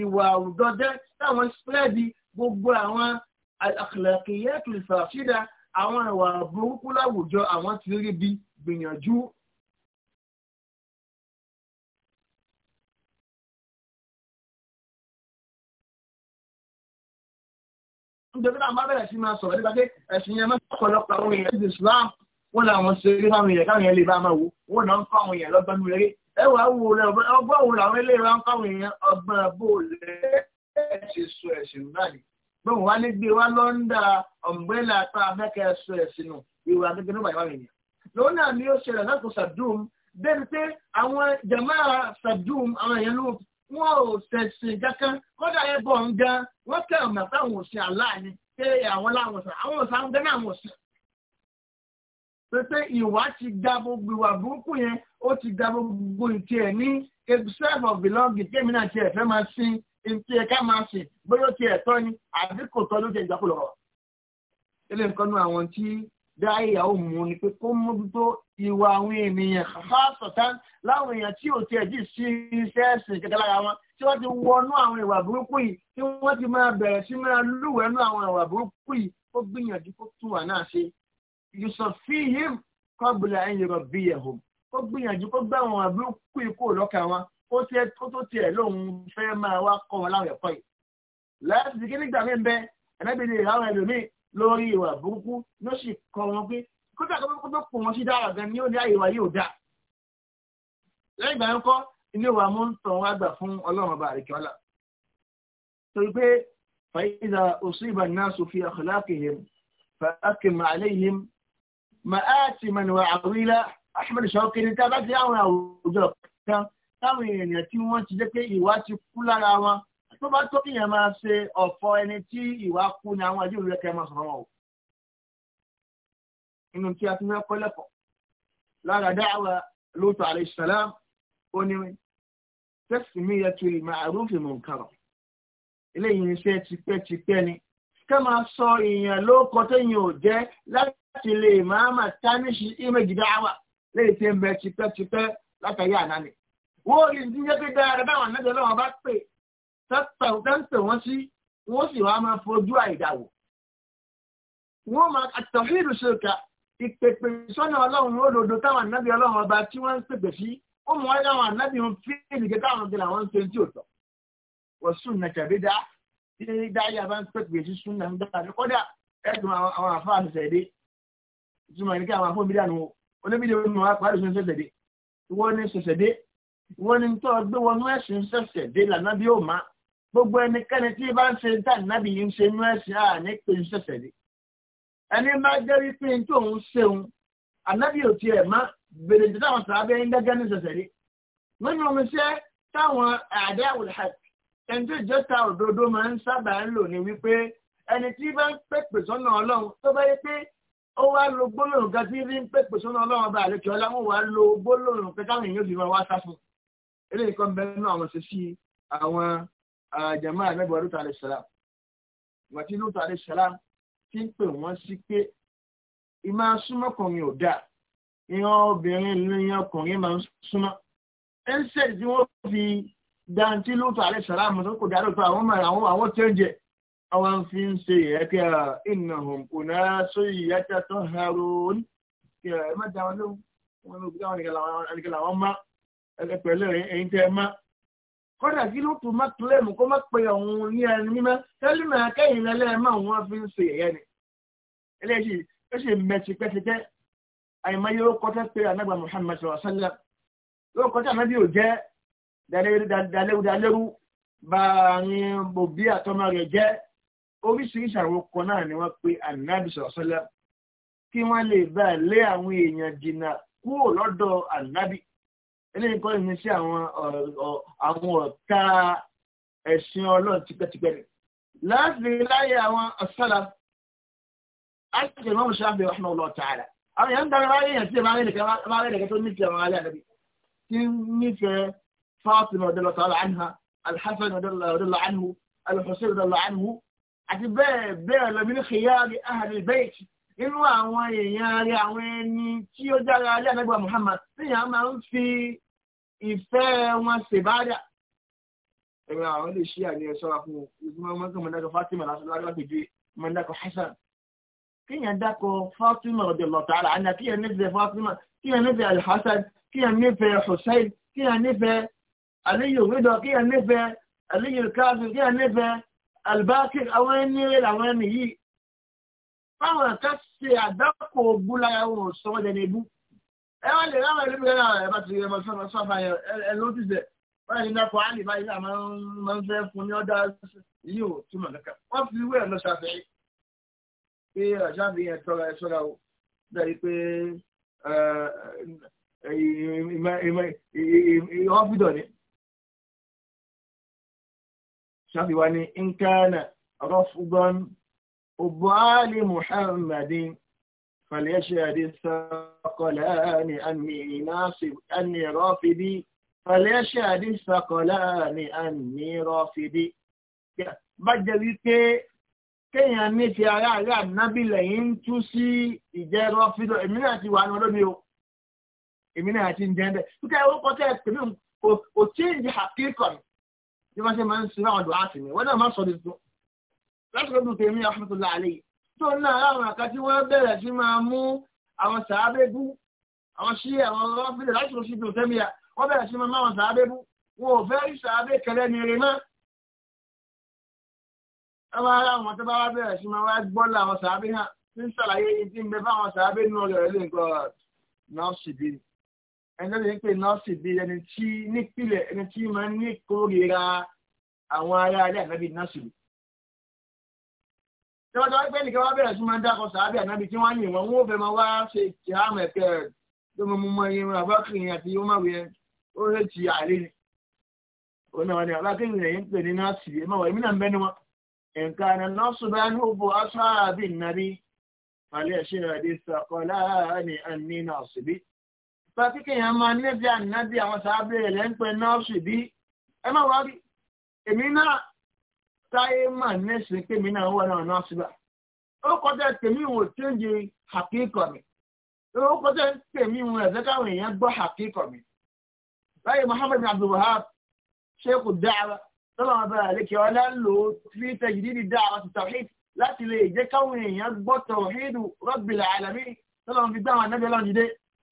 ìwà àwùjọ jẹ́ táwọn spreadi gbogbo àwọn àkàlàkìyẹ́ kìlìfà síra àwọn ìwà burúkú láwùjọ àwọn ti rí bí gbìyànjú nítorí náà má bẹ̀rẹ̀ sí máa sọ̀rọ̀ nípa pé ẹ̀sìn yẹn máa sọ̀pọ̀lọpọ̀ àwọn èèyàn ti Islam wọn làwọn ṣe rí fáwọn èèyàn káwọn èèyàn lè bá máa wò wọn náà ń kọ́ àwọn èèyàn lọ́gbọ́n lórí ẹ wàá wò rẹ ọgbọ́n wò làwọn eléyìí wá ń kọ́ àwọn èèyàn ọgbọ́n bò lẹ́ ẹ̀sìn sọ ẹ̀sìn náà ni gbọ́n wá ní gbé wá lọ́ńdà ọ̀mbrẹ́là a mẹ́kẹ́ sọ ẹ̀sìn nù ìwà gẹ́gẹ́ ló bá ìwà ènìyàn lòun náà ni ó ṣẹlẹ̀ láti sàdúm débi pé àwọn jàmáà sàdúm àwọn èèyàn ló wọn ò ṣẹ̀sìn kankan kódà ẹbọ ń gan wọ́n kẹ́ ọ̀nà táwọn òsìn aláàní pé àwọn láwọn sàn àwọn òsàn àwọn gánà àwọn òsìn. pépé ìwà ti ga gbogbo ìwà burúkú yẹn ó ti ga gbogbo ìtì ẹ̀ ní self of belonging kémi náà tiẹ̀ fẹ́ máa sin ìtì ẹ̀ ká máa sìn bóyá ó tiẹ̀ tọ́ ni àbí kò tọ́ ló jẹ́ ìjákulọ̀ ilé nǹkan nu àwọn tí dáìyà ó mú ni pé kó mójútó ìwà àwọn ènìyàn kàkàtọ̀tán láwọn èèyàn tí ò tiẹ̀ jì sí iṣẹ́ ẹ̀sìn kẹ̀kẹ́ lára wọn tí wọ́n ti wọnú àwọn ìwà burúkú yìí tí wọ́n ti máa bẹ̀rẹ̀ sí máa lúwẹ̀ẹ́nú àwọn ìwà burúkú yìí ó gbìyànjú kó tún wà náà ṣe yusufihim kọbùlà ẹ̀yìn rọ̀bì ẹ̀hùn ó gbìyànjú kó gbá àwọn ìwà burúkú yìí kó lọ́kàn wọn ó tó tiẹ̀ lóun fẹ́ máa wá kọ́ wọn láwọn ẹ̀kọ́ yìí láti lórí ìwà burúkú ló sì kọ́ wọn pé kódà kó tó kó wọn sí dára gan ni ó ní àyè wa yóò dáa lẹ́yìn ìgbà yẹn kọ́ ilé wa mú ń tàn wá gbà fún ọlọ́run ọba àríkíọ́lá torí pé fàyíza òsínbà náà sòfin àkọlákìhìm fàákìmà àléhìm màáàtì mànìwà àwílá ahmed shawkiri tá a àwọn àwùjọ kan táwọn èèyàn tí wọ́n ti jẹ́ pé ìwà ti kú lára wọn tó bá tó kí yẹn máa ṣe ọ̀fọ̀ ẹni tí ìwà kú ni àwọn ẹjọ́ rẹ̀ kẹ́ máa sọ̀rọ̀ wọn o. inú tí a ti fẹ́ kọ́ lẹ́kọ̀ọ́ lára dáhùn lóòótọ́ àlẹ́ ìṣẹ̀lẹ̀ ó ní tẹ́sí mi yẹ kiri máa rúfin mọ̀ nǹkan rọ̀ eléyìí ní iṣẹ́ tipẹ́tipẹ́ ni ká máa sọ èèyàn ló kọ téèyàn ò jẹ́ láti lè máa mà táníṣì ìmẹ̀jì dáhùn lẹ́yìn tí ń bẹ tipẹ́tipẹ́ látàrí àná ni. wọ́n rí ní jẹ́ pé dáadáa báwọn ànájọ́ lọ́wọ́ bá tẹ́ǹtẹ̀ wọ́n sí wọ́n sì wá máa fojú àìdàwò. wọ́n máa àtọ̀hìrù ṣèkà ìpèpè sọ́nà ọlọ́run òdodo táwọn ànábì ọlọ́run ọba tí wọ́n ń pèpè sí ó mọ̀ ẹ́ láwọn ànábì wọn fíìlì kí táwọn ọ̀gbìn àwọn ń ṣe tí ò tọ̀. wọ́n sùn nà tàbí dá tí dáyà bá ń pèpè sí sùn nà ń dá kódà ẹ̀dùn àwọn àfa àṣẹ̀dé ìtumọ̀ ní kí àwọn afọ́ mílíọ̀nù oníbìdí omi wa pàdé sún ṣẹ̀ṣẹ̀dé wọ́n ní ṣẹ̀ṣẹ̀dé wọ́n ní tọ́ gbé wọn mú ẹ̀sìn ṣẹ̀ṣẹ̀dé lànà bí ó máa gbogbo ẹnikẹ́ni tí bá ń ṣe dáì nábì yìí ń ṣe inú ẹ̀sìn àà ní pé ń ṣẹ̀ṣẹ̀ dé ẹni má jẹ́ wípé ní tí òun ṣeun ànábì ò tiẹ̀ má bèrè ní táwọn sàábẹ́ ń gẹ́gẹ́ ní ṣẹ̀ṣẹ̀ dé nínú iṣẹ́ táwọn àdá àwòlẹ́hàt ẹni tó ìjọta òdodo máa ń sábà ń lò ní wípé ẹni tí bá ń pèpè sọ́nà ọlọ́run tó bá yẹ pé ó wá lo gbólóhùn kan tí rí ń pèpè sọ́nà ọlọ́run ọba àlekè ọlá wọn wá lo gbólóhùn kan táwọn èèyàn ò fi máa wá sá fún eléyìí kan bẹ́ẹ̀ náà àwọn ṣe sí àwọn jama anabi wa lutu alayhi salam ìgbà tí lutu alayhi salam ti ń pè wọ́n sí pé ìmọ̀ súnmọ́kùnrin ò dáa ìran obìnrin lóyún ọkùnrin máa ń súnmọ́ ẹ̀ńsẹ̀dì tí wọ́n fi dantí lutu alayhi salam tó kò dáadọ́ tó àwọn mọ̀ràn àwọn àwọn tó ń jẹ àwọn fi ń ṣe ẹ̀kẹ́ innahum unasun yatatahharun kí ẹ̀ mẹ́ta wọn ló wọn ló gbé àwọn ẹ̀kẹ́ làwọn má ẹ̀kẹ́ pẹ̀lú ẹ̀yìn kọ́dà kí ló tún má kílẹ̀mù kó má pe òun ní ẹni mímọ́ tẹ́lẹ̀mọ̀ akẹ́yìn rẹ lẹ́ẹ̀mọ́ òun fi ń ṣe ẹ̀yẹ́ ni eléyìí ó sì mẹ̀sì pẹ́sẹ̀tẹ́ àyìnmáyé ó kọ́tẹ́ pé anágbà Muhammad sallallahu alaihi wasallam ó kọ́tẹ́ ànábì ò jẹ́ dalẹ́rú dalẹ́rú bá ní bòbí àtọ́mọ rẹ̀ jẹ́ oríṣiríṣi àwọn ọkọ̀ náà ni wọ́n pe anábì sallallahu alaihi wasallam kí wọ́n lè bá lé àwọn èèyàn jìnnà kúrò lọ́dọ̀ anábì eléyìí kọ́ ìmísí àwọn àwọn ọ̀tá ẹ̀sìn ọlọ́run tipẹ́tipẹ́ ni. láti láyé àwọn ọ̀sálà àṣìṣe ìmọ̀ ṣáàbì ọ̀hún ọ̀lọ́ tààrà àwọn èèyàn ń darí wáyé èèyàn sí ẹ̀ máa ń rẹ̀ tó nífẹ̀ẹ́ àwọn alẹ́ àdàbí tí ń nífẹ̀ẹ́ Fatima ọ̀dọ́lọ́ tààrà àníhà Al-Hasan ọ̀dọ́lọ́ àníhù Al-Hussein ọ̀dọ́lọ́ àníhù àti bẹ́ẹ̀ bẹ́ẹ̀ lọ nínú àwọn èèyàn rẹ̀ àwọn ẹni tí ó dára alẹ́ àgbẹ̀gbà Muhammad tíyàn máa ń fi ìfẹ́ wọn ṣèbádà ẹ̀rọ àwọn lè ṣí àní ẹ̀ṣọ́ra fún ìgbìmọ̀ ọmọ tó mọ̀dákọ̀ Fatima lágbàgbègbè mọ̀dákọ̀ Hasan kíyàn dákọ̀ Fatima radiyallahu ta'ala anha kíyàn nífẹ̀ẹ́ Fatima kíyàn nífẹ̀ẹ́ Al-Hasan kíyàn nífẹ̀ẹ́ Hussein kíyàn nífẹ̀ẹ́ Aliyu Ridha kíyàn nífẹ̀ẹ́ Aliyu Kazim kíyàn nífẹ̀ẹ́ Al-Bakir àwọn ẹni báwọn kan ṣe àdákò ogun lára wọn ò sọ wọ́n dẹni ebú ẹ wá lè ráwọn ẹlẹ́bí rẹ̀ náà ẹ bá ti ẹmọ sọ́nà sọ́fà ẹ ló ti sẹ̀ wọ́n yẹn nígbà kan àlè báyìí náà máa ń fẹ́ fún ní ọ́dà yìí ò túmọ̀ kankan wọ́n fi wúrẹ̀ lọ ṣàfẹ́ pé ṣáàfì yẹn tọ́ra ẹ sọ́ra o bẹ́ẹ̀ pé ọ́fíìdọ̀ ni ṣáàfì wa ni nkánà rọ́fúgọ́nù. أبعال محمد فليشهد الثقلان أني ناصب أني رافدي فليشهد الثقلان أني رافدي bájẹ́ wípé kéèyàn ní ti ara àrí ànábì lẹ́yìn ń tú sí ìjẹ́rọ fídọ̀ èmi náà ti wà ní olómi o èmi náà ti ń jẹ́ bẹ́ẹ̀ wípé ó kọ́ tẹ́ pẹ̀lú kò tí ì di àkíkọ̀ ni bí wọ́n ṣe máa ń sin àwọn àdùn àti mi wọ́n náà máa sọ ní tuntun lásìkò tó tèmi ahmedullah alayhi tó náà láwọn àká tí wọ́n bẹ̀rẹ̀ sí máa mú àwọn sàábẹ́bú àwọn sí àwọn ọlọ́fíìlẹ̀ lásìkò sí tó tèmi à wọ́n bẹ̀rẹ̀ sí máa máwọn sàábẹ́bú wọn ò fẹ́ rí sàábẹ́ kẹlẹ́ ní eré mọ́. ọba ara àwọn tó bá wá bẹ̀rẹ̀ sí máa wá gbọ́ láwọn sàábẹ́ hàn tí ń sàlàyé yìí tí ń bẹ fáwọn sàábẹ́ nínú ọ̀rọ̀ ilé nǹkan nọ́ọ̀sì bíi ẹni tó tọ́jọ́ ẹgbẹ́ nìkan wá bẹ̀rẹ̀ sí máa ń dákọ̀ sàábì ànábì tí wọ́n á yìn wọ́n wọ́n fẹ́ máa wá ṣe ti àmọ̀ ẹ̀kẹ́ rẹ̀ tó mọ mọ irun àbákùnrin àti yóò máa wí ẹ ó rẹ̀ ti àlè ni. òun náà ni alákẹ́yìn rẹ̀ ń pè ní nọ́ọ̀sì ẹ̀ máa wọ̀ èmi náà ń bẹ́ wọn. ẹ̀ǹkà ni bá ń hó bo aṣáàbì nàbí falẹ̀ ẹ̀ṣẹ̀ rẹ̀ dé sàkọ́lá ni àní nọ́ọ̀sì bí. pàtíkìyàn máa táyé mà nẹ́sìn kémi náà wà náà náà síbà ó kọjá tèmi wò tíyẹnjì àkíkọ mi ó kọjá tèmi wò ẹ̀fẹ́ káwọn èèyàn gbọ́ àkíkọ mi báyìí Muhammad Abdul Wahab ṣéèkù dára tọ́lá wọn bẹ̀rẹ̀ àlékè ọlá lò ó fi tajididi dára ti tawhid láti lè jẹ́ káwọn èèyàn gbọ́ tawhidu rabbil alamin tọ́lá wọn fi gbá àwọn anábẹ́ lọ́n dìde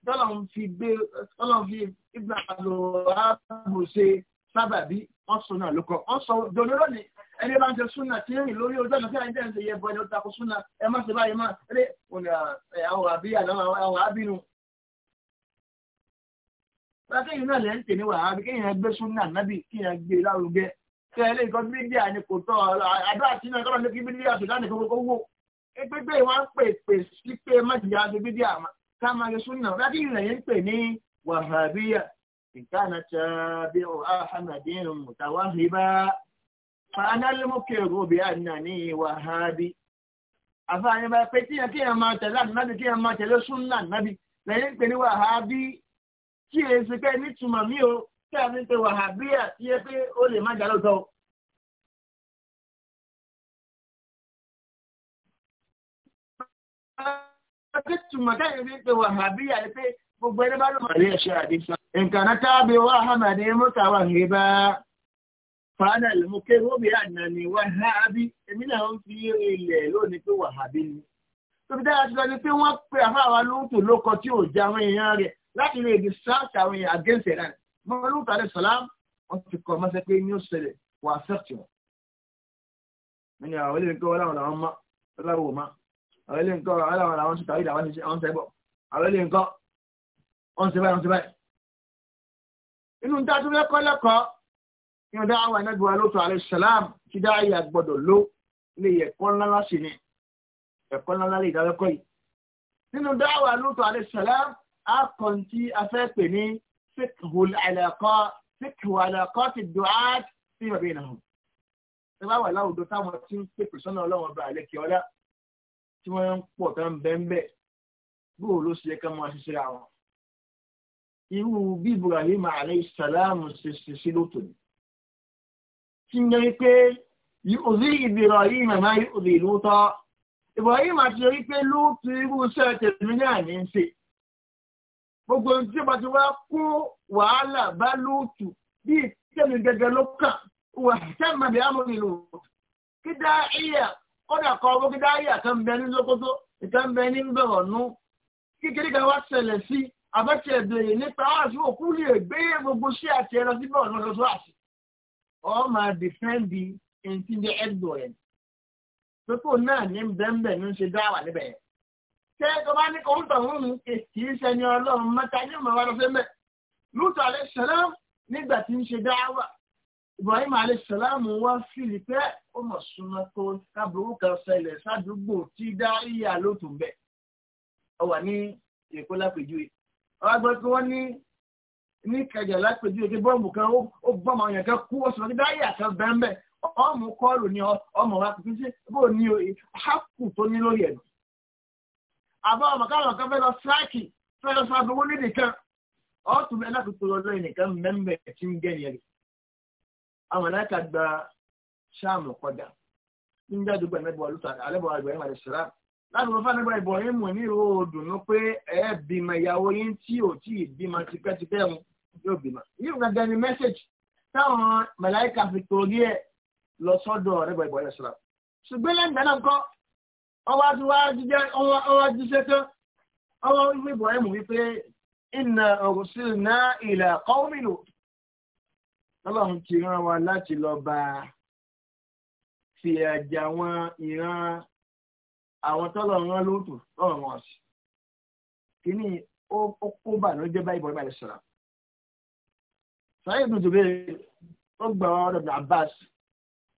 tọ́lá fi gbé tọ́lá wọn fi Ibn Abdul Wahab sábàbí wọ́n sọ náà lókọ̀ wọ́n sọ dòdò lónìí ẹni bá ń ṣe súnà tí ń rìn lórí ojú ọ̀nà tí àìjẹ́ ń ṣe yẹ bọ ẹni ó takò súnà ẹ má ṣe báyìí má ẹ àwọn àbí àwọn àbínú. Lákéyìn náà lẹ́ ń tè ní wàhálà kéyìn ẹgbẹ́ súnà nábì kéyìn ẹgbẹ́ e lárugẹ. Ṣé ẹ lè kọ́ bídíà ni kò tọ́ àdó àti iná kọ́lọ́ ní kí bídíà sùn láti kókó wò. Ẹgbẹ́gbẹ́ ìwà ń pè pè sí pé má jìyà ṣe bídíà ká máa ṣe súnà. Lákéyìn náà yẹn pè ní wàhábíyà. Ìkànnà tàbí ọ̀hánàdínrún mùtàwáhìbá fanálímùkèrò bí ànàní wàhábí àfààní bá pé tíyàn kíyàn máa tẹ̀lé ànábì kíyàn máa tẹ̀lé súnà ànábì lẹ́yìn pé ní wàhábí tí èyí sì pé nítumọ̀ mí o tí a fi ń pe wàhábí àti yẹ pé ó lè má jà lóòótọ́ o. akẹ́tùmọ̀ táyà ní pé wàhábí àti pé gbogbo ẹni bá lọ́mọ ilé ẹ̀ṣẹ́ àdìsá. nǹkan náà tábí wàhámà ní mọ́tàwá hìbá fàádà lẹ́mú kéwòmí ànàní wàhábí èmi náà ń fi ilẹ̀ lónìí pé wàhábí ni. tóbi dára ti sọ ni pé wọ́n pe àfáàwá lóòótọ́ lóko tí ò já àwọn èèyàn rẹ̀ láti lè di sáàtà àwọn èèyàn àgẹ́sẹ̀ náà. mọ́mọ́ lóòótọ́ alẹ́ sàlám wọ́n ti kọ́ ọmọ sẹ́ pé ní ó ṣẹlẹ̀ wà á fẹ́ẹ̀tì wọn. mi ni àwọn ilé nǹkan wọn làwọn mọ ọlọ́wọ́ mọ àwọn ilé nǹkan wọn làwọn ti tàwí ní ọdá àwọn ẹ̀nàdùn alóòtú alẹ́ sàlám tí dáàyà gbọ́dọ̀ ló lè ẹ̀kọ́ ńláńlá sí ni ẹ̀kọ́ ńláńlá lè dálẹ́kọ́ yìí. nínú dáàwà alóòtú alẹ́ sàlám á kàn tí a fẹ́ pè ní fíkìhù àlàkọ́ ti dùn á sí ìbàbí ìnáwó. ẹ bá wà láwùjọ táwọn tí ń pèpè sọ́nà ọlọ́wọ́n bá àlẹ́ kí ọlá tí wọ́n ń pọ̀ tán bẹ́ẹ̀ bóò ló tí ń yẹ pé òzí ìbìrọ̀ yìí màmá òdì lóòótọ́ Ibrahim àti yẹ pé lóòótọ́ irú iṣẹ́ tèmi náà ní í ṣe gbogbo ohun tí ó bá ti wá kó wàhálà bá lóòótù bí ìtẹ́mi gẹ́gẹ́ ló kà wà sẹ́màbí amòrì lò kí dá ìyà kọ́dà kọ́ ọmọ kí dá ìyà kan bẹ ní lókótó ìkan bẹ ní bẹ̀rọ̀ nú kékeré kan wá ṣẹlẹ̀ sí abẹ́tẹ̀ nípa àti òkú lè gbé gbogbo sí àti ẹran síbẹ̀ ọ̀nà ọ máa dìfẹ́ǹdì ẹni tí ń jẹ́ ẹ̀dùn ẹ̀. pípò náà ní bẹ́ẹ̀nbẹ́ẹ̀ ló ń ṣe dáwà níbẹ̀. ṣé tó bá ní kóńtà ń mú kì í ṣẹni ọlọ́run mẹ́ta ní ìmọ̀ wàlọ́ fẹ́ mẹ́. lùtọ̀ alẹ́ sàlám nígbà tí ń ṣe dáwà ibrahim alẹ́ sàlám wá fìlì pé ó mọ̀ súnmọ́ tó kábùrú kan ṣẹlẹ̀ sádùúgbò tí dá ìyá lótùú bẹ̀. ọ wà ní èkó lápèjúwe. ọ ní kẹjà lápẹjú ojú bọ́ọ̀mù kan ó bọ́ọ̀mù àwọn yẹn kan kú ó sọ̀rọ̀ dídáyé àtàn bẹ́ẹ̀ ọmọ kọlù ni ọmọ wa kò sí bó ní hápù tó ní lórí ẹ̀ àbọ̀ ọmọ káwọn kan fẹ́ lọ sáàkì fẹ́ lọ sáàbù owó nídìí kan ọ̀tún bẹ́ẹ̀ láti tó lọ́dọ̀ ẹnìkan mẹ́mbẹ̀ tí ń gẹ̀ yẹn àwọn aláìka gba sáàmù kọjá ń jáde gbà mẹ́bọ̀ ọlùtà alẹ́bọ̀ àgbà yẹn wà lè ṣẹlá yóò bímọ yìí gbàgbé ni mẹ́sẹ̀gì táwọn màláíkà fi torí ẹ̀ lọ sọ́dọ̀ ọ̀rẹ́ bọ̀ìbọ̀ yẹn sọ̀rọ̀ ṣùgbọ́n lẹ́yìn ìgbà náà kọ́ ọwọ́ àti ọwọ́ jíṣẹ́ tán ọwọ́ ìwé ìbọ̀rẹ́ mú wípé inna ursilna ila qawmi Lut ọlọ́run ti rán wa láti lọ bá a fi àjà wọn ìran àwọn tọ́lọ̀ rán lóòtù lọ́rùn wọn sí kínní ó kó bànújẹ́ bá ìbọ̀rẹ́ bá yẹn sọ̀rọ̀ sàyẹ̀ ibùdó jòbẹ́ ó gbà ọ́ dọ̀dọ̀ Abbas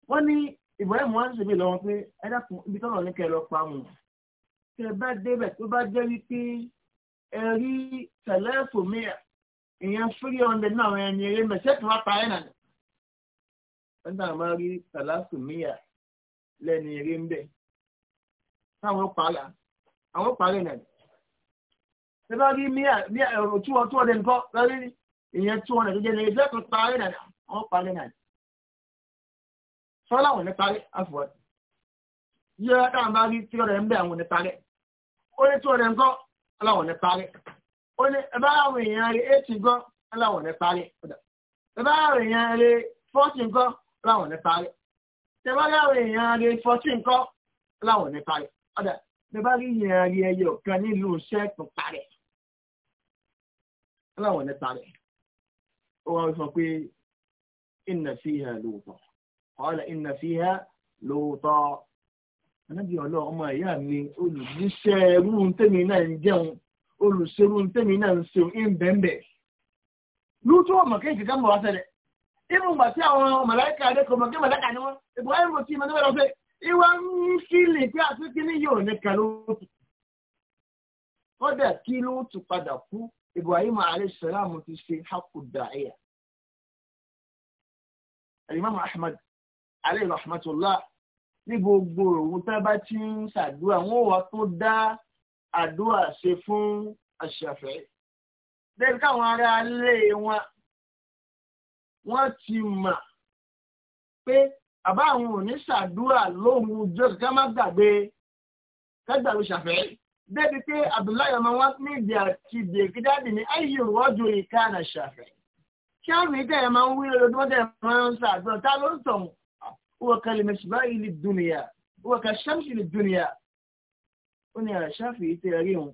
wọ́n ní Ibrahim wọn ṣèbí lọ́wọ́ pé ẹ dákun ibi tọ́lọ̀ ní kẹ́ ẹ lọ pa wọn tẹ bá débẹ̀ tó bá jẹ́ wípé ẹ rí tẹ̀lẹ́fò mìíràn ìyẹn three hundred náà àwọn ẹni eré mẹ́sẹ̀ tó wá pa ẹ̀ nàní. wọ́n náà máa rí tẹ̀lẹ́fò mìíràn lẹ́ni eré ń bẹ̀ táwọn pààlà àwọn pààlà nàní. tẹ bá rí mìíràn two hundred nǹkan lọ́rí ni ìyẹn two hundred jẹ́ ní ẹgbẹ́ kan parí nàdà wọ́n parí nàdà sọ́lá wọn ní parí àfọwọ́ yíyá táwọn bá rí three hundred ń bẹ̀ àwọn ní parí ó ní two hundred ń kọ́ aláwọ̀ ní parí ó ní ẹ̀bá àwọn èèyàn rí eighty ń kọ́ aláwọ̀ ní parí ẹ̀bá àwọn èèyàn rí forty ń kọ́ aláwọ̀ ní parí ẹ̀bá àwọn èèyàn rí forty ń kọ́ aláwọ̀ ní parí ọ̀dà ẹ̀bá rí èèyàn rí ẹyẹ ọ̀kan nílùú iṣẹ́ parí aláwọ̀ ní parí ó wá sọ pé inna fiha Luta qala inna fiha Luta anábì ọlọ́ ọmọ ìyá mi olùdíṣẹ́ ẹrú tèmi náà ń jẹun olùṣerú tèmi náà ń ṣeun ń bẹ̀ẹ̀bẹ̀ lóòótọ́ ọmọ kéèké ká mọ̀ wá sẹ́lẹ̀ inú ìgbà tí àwọn mọ̀láìkà adékọ̀ọ́mọ kí mọ̀láìkà ni wọ́n ìbò ayé mo ti mọ̀ níbẹ̀ lọ́sẹ̀ ìwà ń kílì pé àtúntí ní yóò ní kàlóòtù kọ́dà kí lóòtù padà kú Ibrahim alayhisalaam ti ṣe haqqu da'iya. Imam Ahmad alayhi rahmatullah ní gbogbo òun tá bá ti ń ṣàdúrà wọn wà tó dá àdúrà ṣe fún àṣàfẹ́. Bẹ́ẹ̀ni káwọn ará ilé wọn wọ́n ti mọ̀ pé àbá àwọn ò ní ṣàdúrà lóhun jọ́sìn ká má gbàgbé ká gbàgbé ṣàfẹ́ débi pé abdullahi ọmọ wọn ní ìdí àti ìdèkí dáàbì ní ayé rọ́jò ìka àná ṣàfẹ́ kí á rí tẹ̀yẹ̀ máa ń wí lójoojúmọ́ tẹ̀yẹ̀ máa ń sàgbọ́n ta ló ń sọ̀n owó kan lè mẹ́sì báyìí lè dúnìyà owó kan ṣẹ́mùsì lè dúnìyà ó ní àrà ṣáfìyí tẹ̀ rí òun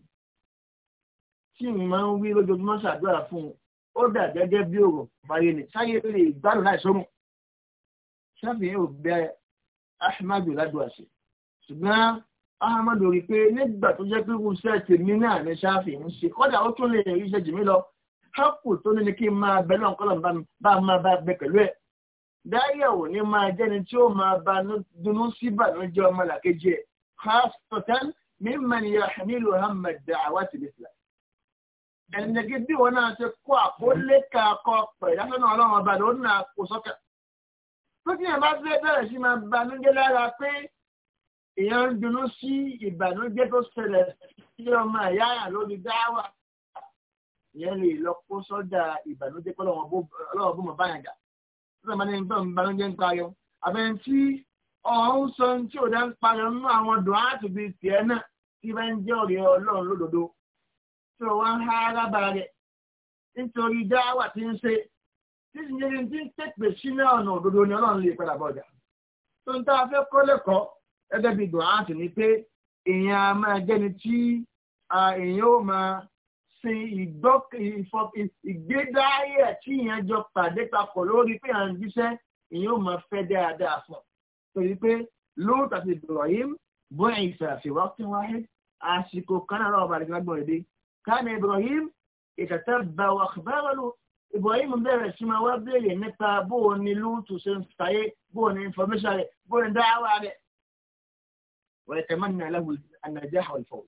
tí n máa ń wí lójoojúmọ́ sàdúrà fún un ó dà gẹ́gẹ́ bí òrò báyé ni sáyé lè gbádùn láì sómù ṣáfìyí ò Ahmad rí pé nígbà tó jẹ́ pé iṣẹ́ tèmi náà ni ṣáfì ń ṣe kọ́dà ó tún lè rí iṣẹ́ jù mí lọ hápù tó ní ni kí n máa bẹ náà kọ́lọ̀ bá máa bá bẹ pẹ̀lú ẹ̀ dáyà ò ní máa jẹ́ni tí ó máa bá dunú sí ìbànújẹ́ ọmọ làkejì ẹ̀ khasatan mimman yahmilu hamma ad-da'awati mithla. ẹnìyàgé bí wọn náà ṣe kó àkólé ká kọ pẹ̀lú ọlọ́run ọba èèyàn ń dunú sí ìbànújẹ́ tó ṣẹlẹ̀ sí ọmọ ìyá yà lórí dáwà ìyẹn lè lọ kó sọ́dà ìbànújẹ́ pé ọlọ́wọ́ bó mọ̀ báyà gà sọ́dà máa ní bá ń banújẹ́ ń payọ́ àbẹ̀yìn tí ọ̀hún sọ tí ò dá ń payọ́ nínú àwọn dùn áàtù bíi tiẹ̀ náà tí bá ń jẹ́ ọ̀rẹ́ ọlọ́run lódodo tí ò wá ń há arábà rẹ̀ nítorí dáwà ti ń ṣe tí ìyẹn ti ń tẹ̀pẹ̀ sí náà ọ̀nà òdodo ni ọlọ́run lè padà bọ̀ jà tó ń tá a fẹ́ kọ́ lẹ́kọ̀ọ́ gẹ́gẹ́ bí dùhátì ni pé èèyàn a máa jẹ́ni tí èèyàn ó máa sin ìgbédáyẹ̀ tí èèyàn jọ pàdé papọ̀ lórí pé à ń jíṣẹ́ èèyàn ó máa fẹ́ dáadáa fún torí pé lóòótọ́ àti Ibrahim bóyá ìfàfihàn wá kí wọ́n wáyé àsìkò kan náà lọ́wọ́ bàdé gbàgbọ́ èdè kánà Ibrahim ìtàtàbà wà àkùbárà lò Ibrahim bẹ̀rẹ̀ sí máa wá béèrè nípa bóun ni lóòótọ́ ṣe ń fàyè bóun ni information rẹ̀ bóun ni dáhàwá rẹ̀ ويتمنى له النجاح والفوز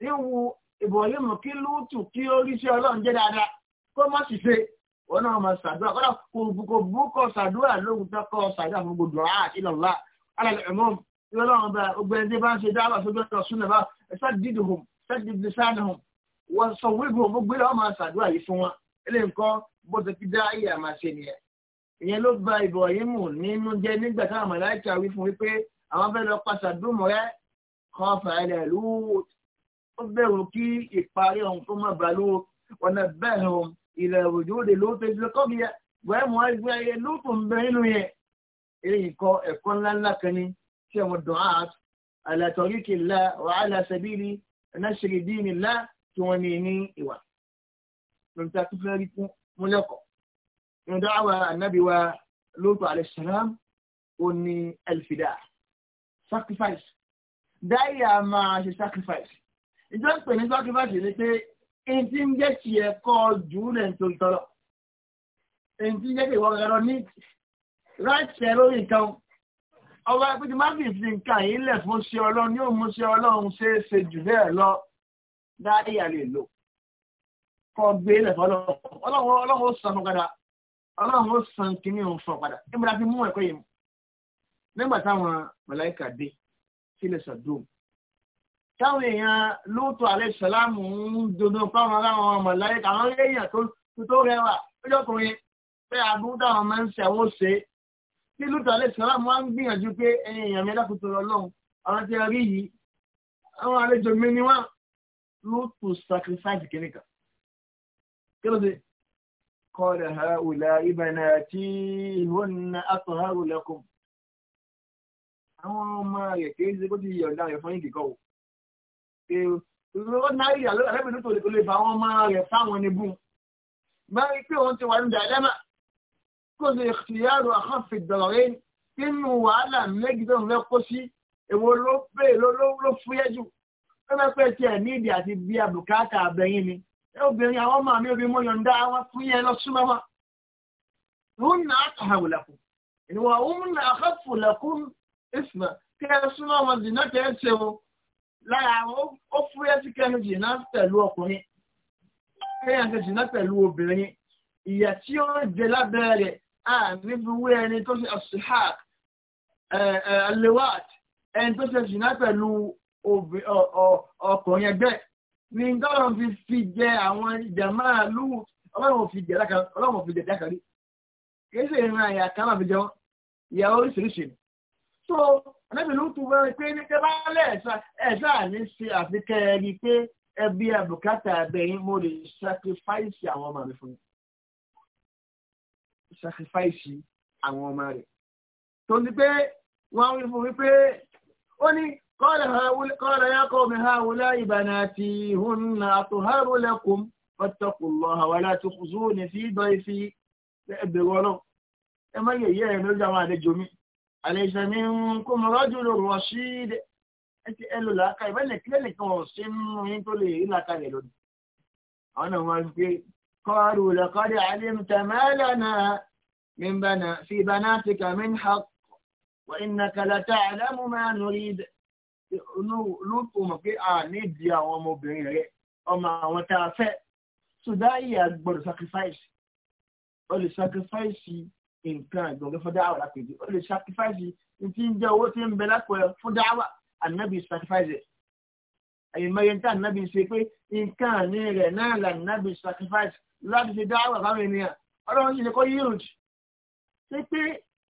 يو إبراهيم kí Lútù kí ó rí sí Ọlọ́run jẹ́ dáadáa kó má sì ṣe wọn náà máa ṣàdúrà kódà kò bú kọ ṣàdúrà lóhun tó kọ ṣàdúrà fún gbogbo ọ̀há àti ìlọ̀lá alẹ́ ẹ̀mọ́ tí Ọlọ́run bá ọgbẹ́ ẹni bá ń ṣe dáàbà tó gbẹ́tọ̀ sún náà bá ẹ̀ṣá dídì hùm ṣẹ́dí di sáànù hùm wọ́n sọ wíìbù hùm gbé lọ́wọ́ máa ṣàdúrà yìí fún wọn ilé nǹkan bó ti fi dá ìyà máa ṣe nìyẹn ìyẹn ló gba Ibrahim nínú jẹ́ nígbà táwọn màláìkà wí fún wípé àwọn fẹ́ lọ pàṣà dùnmọ́rẹ́ kan fàálẹ̀ lóòót ó bẹ̀rù kí ìparí ọ̀hún tó má bà lóòót ọ̀nà bẹ́ẹ̀ hàn ilẹ̀ òjò òde lóòótọ́ ìdílé kọ́ bí wẹ́ẹ́ mọ́ ẹgbẹ́ ayé lóòótọ́ ń bẹ nínú yẹn eléyìí kọ́ ẹ̀kọ́ ńláńlá kan ní tí àwọn dùn á àlàtọ̀rí kìlá wàhálà sẹ́bíìlì ẹ̀náṣẹ́rì díìnì lá tí wọ́n ní ní ìwà. Lọ́nà tó fẹ́ rí fún múlẹ́kọ̀ọ́. Ìrìn sacrifice dáìyà máa ṣe sacrifice ìjọ ń pè ní sacrifice ni pé èyí tí ń jẹ́ tiẹ̀ kọ́ jù ú lẹ̀ ń torí tọ́lọ̀ èyí tí ń jẹ́ tiẹ̀ wọ́n lọ ní ráìtẹ̀ lórí nǹkan ọba ẹgbẹ́ tí máfì fi nǹkan yìí lẹ̀ fún ṣe ọlọ́run yóò mú ṣe ọlọ́run ṣe é ṣe jù bẹ́ẹ̀ lọ dáìyà lè lò kọ́ gbé lẹ̀ fọ́lọ́run ọlọ́run ó san fún padà ọlọ́run ó san kìíní òun fún padà ìmúra fi mú ẹ̀kọ́ yìí mú nígbà táwọn màláíkà dé sílẹ̀ sàdúm táwọn èèyàn lóòótọ alẹ sàlámù ń dodo fáwọn aláwọn màláíkà àwọn èèyàn tó tó rẹwà lójọkùnrin pé àbúrò táwọn máa ń ṣe àwọn tí lóòótọ alẹ sàlámù wá ń gbìyànjú pé ẹ̀yin èèyàn mi dákòtò Ọlọ́run àwọn tí rí yìí àwọn àlejò mi ni wọn lóòótọ sacrifice kìnìkan kí ló dé. قال هؤلاء بناتي هن أطهر لكم àwọn ọmọ rẹ̀ kì í ṣe bó ti yọ̀ǹda rẹ̀ fún yìnkì kọ́ o. ó náírà ìyàló àlẹ́bìnrin tó lè bá àwọn ọmọ rẹ̀ fáwọn ní bùn. báyìí pé òun ti wà ní dàdámà kó lè ṣìyàrò àkànfì dọ̀rẹ́ nínú wàhálà méjì tó ń fẹ́ kó sí èwo ló pè ló fúyẹ́ jù. ó fẹ́ pẹ́ tiẹ̀ ní ìdí àti bí abùkátà abẹ́yìn ni. obìnrin àwọn ọmọ mi obìnrin mo yọ̀ǹda wọn fún yẹn lọ súnmọ́ wọn. òun náà kàwé ìsìnà kí ẹ súnmọ́ wọn dì náà tẹ́ ẹ ṣe o lára àwọn ó fúyẹ́ sí kẹ́nu dì náà pẹ̀lú ọkùnrin kéèyàn ṣe dì náà pẹ̀lú obìnrin ìyà tí ó jẹ lábẹ́ rẹ̀ à níbi wí ẹni tó ṣe asihak alewat ẹni tó ṣe dì náà pẹ̀lú ọkùnrin ẹgbẹ́ ni dọ́lọ́n fi fi jẹ àwọn ìjàmbá lù ọlọ́run fi jẹ dákàrí kì í ṣe ìran àyà kan náà fi jẹun ìyàwó oríṣiríṣi ni so anábì lùtù wọn rí pé ní kẹbà lẹ́ẹ̀sà ẹ̀sà ní ṣe àfikẹ́ ẹni pé ẹbí àbùkátà ẹbẹ̀yìn mo lè sacrifice àwọn ọmọ mi fún mi sacrifice àwọn ọmọ rẹ̀ tó ní pé wọ́n wí fún mi pé ó ní kọ́ọ̀lá yá kọ́ mi ha wọlé ìbànú àti ìhun náà àtúhárò lẹ́kùn fọ́tọ̀kùn lọ àwọn aláàtúkùzú ní fi dọ́ ifi ẹgbẹ̀rún ọlọ́run ẹ má yẹ̀yẹ́ ẹ̀ lójú àwọn àlejò mi. أليس منكم رجل رشيد ẹtì ẹlò làákàyè bẹ́ẹ̀ ni kílẹ̀ nìkan ọ̀sẹ̀ nínú yín tó lè rí làákàyè lónìí. àwọn náà wọ́n gbé kọ́ọ̀rù lẹ́kọ́dẹ̀ àlẹ́mùtàmẹ́lẹ̀ náà mímbànà fi bànáàtì kàmín hàk wà ìnàkàlàtà àlẹ́mù máa nùrí lóko mọ̀ pé a ní di àwọn ọmọbìnrin rẹ̀ ọmọ àwọn tá a fẹ́. sùdá yìí àgbọ̀dọ̀ sacrifice ó lè sacrifice nǹkan ìgbọ̀ngàn fún dáwà lápèjì ó lè sacrifice ní tí ń jẹ́ owó tí ń bẹ lápẹ̀rẹ̀ fún dáwà ànábì sacrifice ẹ̀ àyèmáyé tá ànábì ṣe pé nǹkan àní rẹ̀ náà là ànábì sacrifice láti ṣe dáwà fáwọn ènìyàn ọlọ́run yìí ni kò yield ṣé pé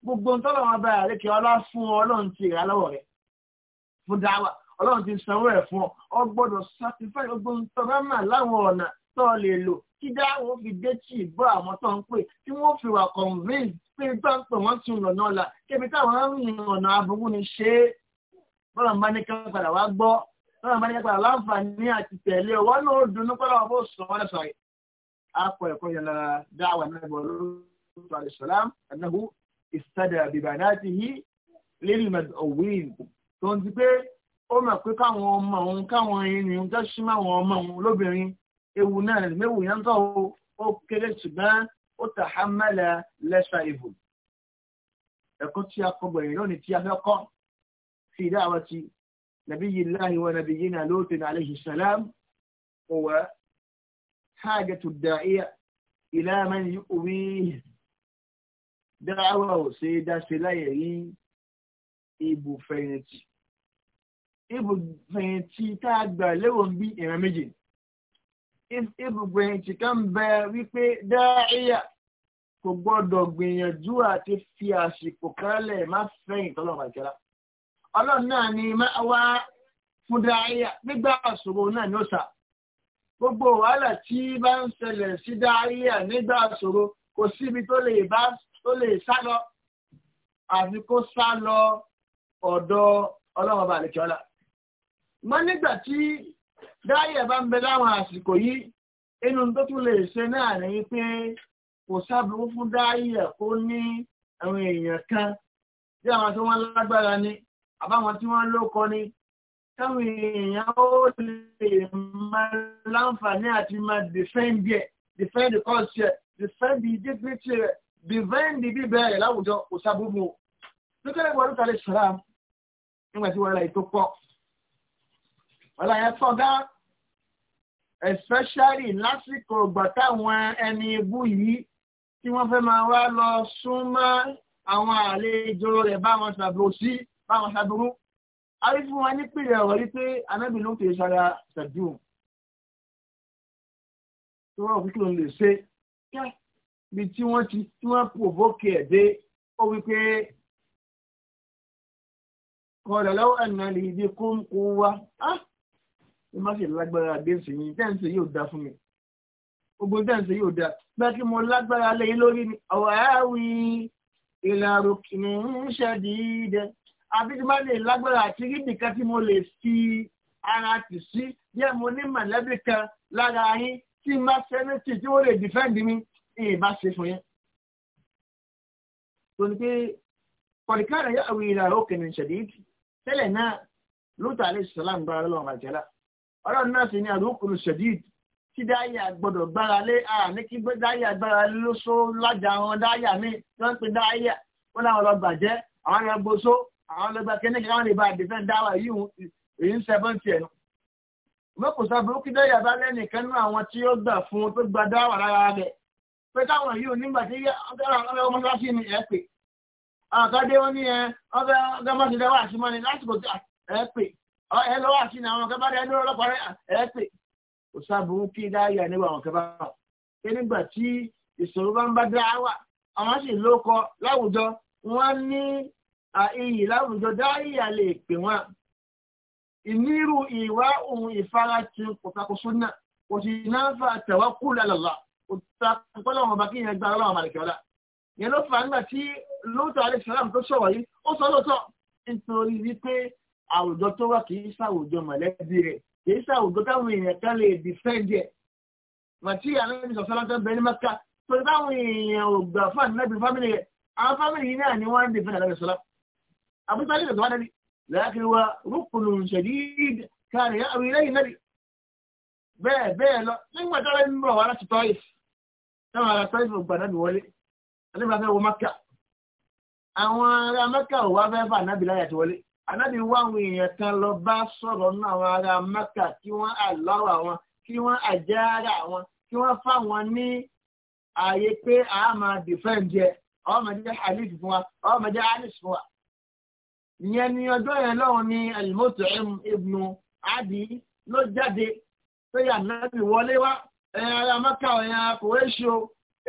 gbogbo ń tọ́lọ̀ wọn bá rẹ̀ kí ọlá fún ọlọ́run ti rà lọ́wọ́ rẹ̀ fún dáwà ọlọ́run ti sanwó ẹ̀ fún ọ gbọ́dọ̀ sacrifice gbogbo ń tọ́ kí dá wọn fi dé tí ìgbọ́ àwọn tó ń pè tí wọ́n fi wà convince pé gbà ń pè wọ́n sun lọ́nà ọ̀la kébi táwọn ń rìn ọ̀nà aburú ni ṣe é bọ́lá ń bá ní káwọn padà wá gbọ́ bọ́lá ń bá ní káwọn padà láǹfààní àti tẹ̀lé ọwọ́ náà dùnú pẹ́lú àwọn bó sọ wọ́n lẹ́sọ̀rọ̀ yìí. a kọ yẹn lára dáwà náà bọ̀ lórúkọ àdìsọ́lám ẹ̀nàhù ìsádà bìbàdàtìhì lẹ́yìn mẹ́tọ̀wìn ewu náà méwù yẹn tó ó kéré ṣùgbọ́n ó tà á mẹ́lẹ̀ lẹ́sà ìbò ẹ̀kọ́ tí a kọ́ bẹ̀rẹ̀ lónìí tí a fẹ́ kọ́ sí ìdá àwọn ti نبي الله ونبينا لوط عليه السلام هو حاجة الداعية إلى من يؤويه دعوة سيدة سلايري ibùfẹ̀yìntì ibùfẹ̀yìntì tá a gbà lérò bí ìran méjì ibùgbìyànjú kan bẹ wípé dáríyà kò gbọ́dọ̀ gbìyànjú àti fi àsìkò kálẹ̀ má fẹ́yìn tọ́lọ̀ bàjẹ́ra. ọlọ́run náà ni máa wá fún dáríyà nígbà àṣòro náà ní gbogbo wàhálà tí bá ń ṣẹlẹ̀ sí dáríyà nígbà àṣòro kò síbi tó lè bá tó lè sá lọ àfi kó sá lọ ọ̀dọ̀ ọlọ́run dáyẹ̀ bá ń bẹ láwọn àsìkò yìí inú tó tún lè ṣe náà ní pé kò sábúrú fún dáyẹ̀ kó ní àwọn èèyàn kan bí àwọn tí wọ́n lágbára ni àbáwọn tí wọ́n lóko ni táwọn èèyàn ó lè máa láǹfààní àti máa dìfẹ́ǹdì ẹ̀ dìfẹ́ǹdì kọ́ọ̀sì ẹ̀ dìfẹ́ǹdì dígbìtì rẹ̀ dìfẹ́ǹdì bíbẹ̀ rẹ̀ láwùjọ kò sábúrú o. nítorí wọn ló tàlẹ́ sàrà nígbà tí wọ́n ra ètò pọ̀ wọ́n láyé tọ́ dáa especially lásìkò ìgbà táwọn ẹni ibú yìí tí wọ́n fẹ́ máa wá lọ súnmọ́ àwọn àlejò rẹ̀ báwọn ṣàbòsí báwọn ṣàbúrú. a rí fún wa nípìnlẹ̀ ọ̀rọ̀ wípé anábì ló ń tèè sára ṣàdùn tí wọ́n fi kí ló ń lè ṣe bí tí wọ́n ti tí wọ́n pòvókè ẹ̀ dé ó wípé kọ̀ọ̀dọ̀ lọ́wọ́ ẹ̀nà lè dí kó ń kó wá mo má sì lágbára àgbèsè yín tẹ́ǹsì yóò da fún mi gbogbo tẹ́ǹsì yóò da bẹ́ẹ̀ kí mo lágbára lẹ́yìn lórí ni ọ̀rọ̀ àáwí ìlàrò kìnnì ń ṣẹ̀dí dẹ àbí tí má lè lágbára àti rí nìkan tí mo lè fi ara tì sí yẹ mo ní mọ̀lẹ́bí kan lára yín tí má sẹ́nẹ́tì tí wọ́n lè dìfẹ́ǹdì mi ìbá ṣe fún yẹn. tó ní pé kọ̀díkàrà yà àwìn ìlàrò kìnnì ń ṣẹ̀dí tẹ́lẹ̀ náà lóòótọ́ àlẹ́ ìṣẹ̀lá ń bá ọlọ́run àjẹ́lá ọlọ́run náà sì ni àlùkùrù ṣẹ̀díd tí dáyà gbọ́dọ̀ gbára lé àní kí dáyà gbára lé ló só lájà wọn dáyà mi wọ́n ń pe dáyà wọ́n láwọn lọ bàjẹ́ àwọn lọ gbóso àwọn lọ gba kíní kí wọ́n lè ba àdìfẹ́ dáwà yìí hùn èyí ń sẹ́fẹ́ǹtì ẹ̀ nù. mọ́kù sọ burúkú dáyà bá lẹ́nìkan nú àwọn tí ó gbà fún un tó gba dáwà rárá rẹ̀ pé táwọn yìí nígbà tí ọgá ọgá mọ́ṣẹ́dáwà àṣìmọ́ni lásìkò ẹ̀ pè ẹ lọ́wọ́ àti ní àwọn kẹbàá ẹni ọlọ́pàá rẹ ẹ pè kò sábùú kí dáyà níwà àwọn kẹbàá pé nígbà tí ìṣòro bá ń bá dá wà àwọn sì ló kọ láwùjọ wọn ní iyì láwùjọ dáyà lè pè wọn ìnírú ìwà ohun ìfarati kòtàkóso náà kò sì náà fa tawakkul ala Allah kòtàkóso lọ́wọ́ bá kí yẹn gbà lọ́wọ́ àmàlẹ̀kẹ́ ọ̀la yẹn ló fà nígbà tí lóòótọ́ alẹ́ sàlámù tó sọ̀rọ̀ yìí ó sọ lóòótọ́ nítorí àwùjọ tó wà kìí ṣàwùjọ mọ̀lẹ́bí rẹ̀ kìí ṣàwùjọ táwọn èèyàn kan lè defend ẹ̀ màtí àlejò sọ̀sọ́ látọ̀ bẹ́ẹ̀ ní mẹ́ka tó táwọn èèyàn ò gbà fún ànínábì fámìlì rẹ̀ àwọn fámìlì yìí náà ni wọ́n ń defend àlejò sọ̀lá àbúrò àlejò sọ̀lá nàbí lẹ́yìn wa rúkùnù ṣẹ̀díd káàrin àwọn ilé nàbí bẹ́ẹ̀ bẹ́ẹ̀ lọ nígbà tó lẹ́yìn bọ̀ wá láti tọ́yìf táwọn ará tọ́yìf gbà nàbì wọlé àlejò fẹ́ wọ mẹ́ka àwọn ará mẹ́ka ò wá fẹ́ fà nàbì láyà ti wọlé anábì wá àwọn èèyàn kan lọ bá sọ̀rọ̀ nínú àwọn ará mẹ́kà kí wọ́n àláwọ̀ àwọn kí wọ́n àjẹ́ ara àwọn kí wọ́n fáwọn ní ààyè pé a máa dìfẹ́ǹdì ẹ̀ ọmọ jẹ́ alif fún wa ọmọ jẹ́ alif fún wa. ìyẹn ni ọjọ́ yẹn lọ́wọ́ ni al-Mut'im ibn Adi ló jáde tó yà nábì wọlé wá ẹ̀yà ará mẹ́kà ẹ̀yà kòwéṣio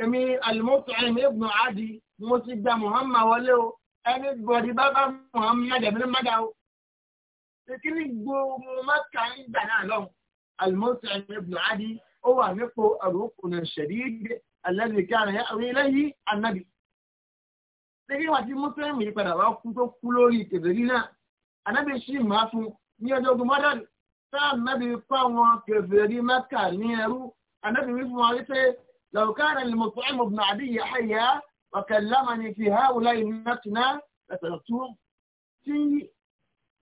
èmi al-Mut'im ibn Adi mo ti gba Muhammad wọlé o anybody bábá muhammad abdul madaw kíní gbogbo maka ń gbà náà lọ almosa ibn adi ó wà nípò àrùkùnà ṣẹ̀dídì alẹ́nìkà rẹ̀ àwọn eléyìí anabi lẹ́yìn wá sí mùsùlùmí padà wá kú tó kú lórí kẹfẹ́rí náà anabi sì máa fún ní ọjọ́ ogun mọ́dọ̀lì sáà nàbí pa wọn kẹfẹ́rí maka ní ẹrú anabi wí fún wa wípé lọ́kàn àlùmọ̀tò ẹ̀mọ̀bùnà àdìyẹ àyà. وكلمني في هؤلاء المتنى لتلقتهم في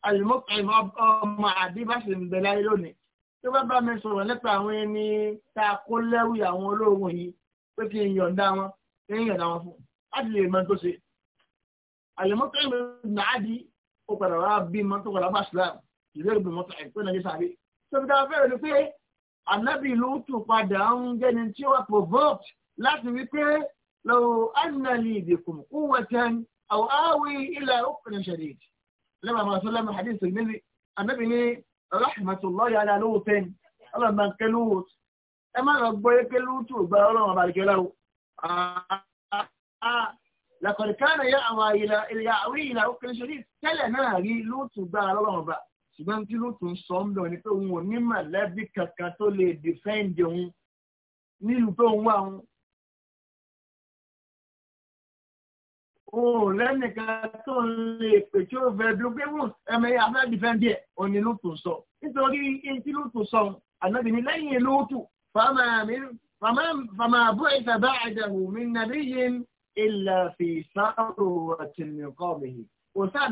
المطعم ọmọ àbí bá ṣe ń bẹ láyé lónìí tó bá bá mi sọ̀rọ̀ nípa àwọn ẹni tá a kó lẹ́wì àwọn olóògùn yìí pé kí n yọ̀ǹda wọn kí n yọ̀ǹda wọn fún láti lè mọ tó ṣe. àlùmọ́tàìm nàádì ó padà wá bí mọ́ tó padà bá ṣùlá ìlú ìlú mọ́tàìm pé nàìjíríà sáré. sọ́bi tá a fẹ́rẹ̀ ni pé ànábì ló tún padà ń jẹ́ni tí ó wà provoke láti wí pé لو أن لي بكم قوة أو آوي إلى ركن شديد لما ما صلى من حديث النبي النبي ní رحمة الله على لوط الله ما كلوت أما ربو يكلوت وبارو ما بارك له لقد كان يأوى إلى يأوي إلى ركن شديد tẹ́lẹ̀ náà rí lóòtù gbá ọlọ́run bá ṣùgbọ́n tí lóòtù ń sọ ń bẹ̀ ni pé òun ò ní mọ̀lẹ́bí kankan tó lè dìfẹ́ǹdì òun nílùú tó ń wá òun òun lẹ́nìkan tó ń lè pè tí ó fẹ́ dúró pé wọ́n ẹ̀mẹ́ abẹ́ dìfẹ́ndì ẹ̀ òní lùtù sọ nítorí etí lùtù sọ ànábì ní lẹ́yìn lùtù fàmà àbú ẹ̀sẹ̀ bá àjẹ̀wò mi nàbí yín ilẹ̀ fi sáàrò àtìmíkọ́ mi. kò sáà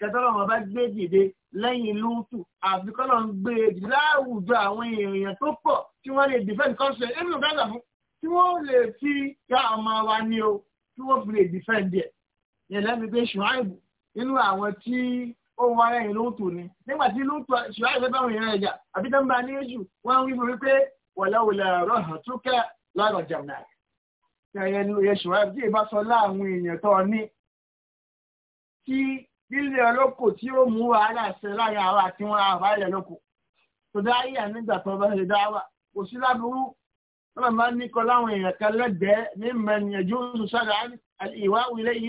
kẹtọ́lọ́ wọn bá gbé dìde lẹ́yìn lùtù àfikọ́lọ́ ń gbé láwùjọ àwọn èèyàn tó pọ̀ tí wọ́n lè dìfẹ́ndì kọ́ṣẹ́ ẹ̀mí ò tí wọ́n lè fi yá ọmọ wa ní o tí wọ́n fi lè dìfẹ́ndì ẹ̀ yẹn lẹ́nu pé ṣùháìbù nínú àwọn tí ohun ara yìí ló ń tò ní nígbà tí ló ń tò ṣùháìbù fẹ́ báwọn èèyàn ẹ̀jà àbí tó ń bá ní èjù wọ́n ń wí fún mi pé wọ̀lẹ́wọ̀lẹ́ ọ̀rọ̀ hàn tó kẹ́ lọ́rọ̀ jàm̀dà ẹ̀yẹn ṣùháìbù tí ìbá sọ láàrin èèyàn tó ní tí líle ọlọ́kọ̀ tí ó mú wàhálà ṣe láàrin àwa àti wọn àwa ilẹ̀ lọ́kọ̀ tó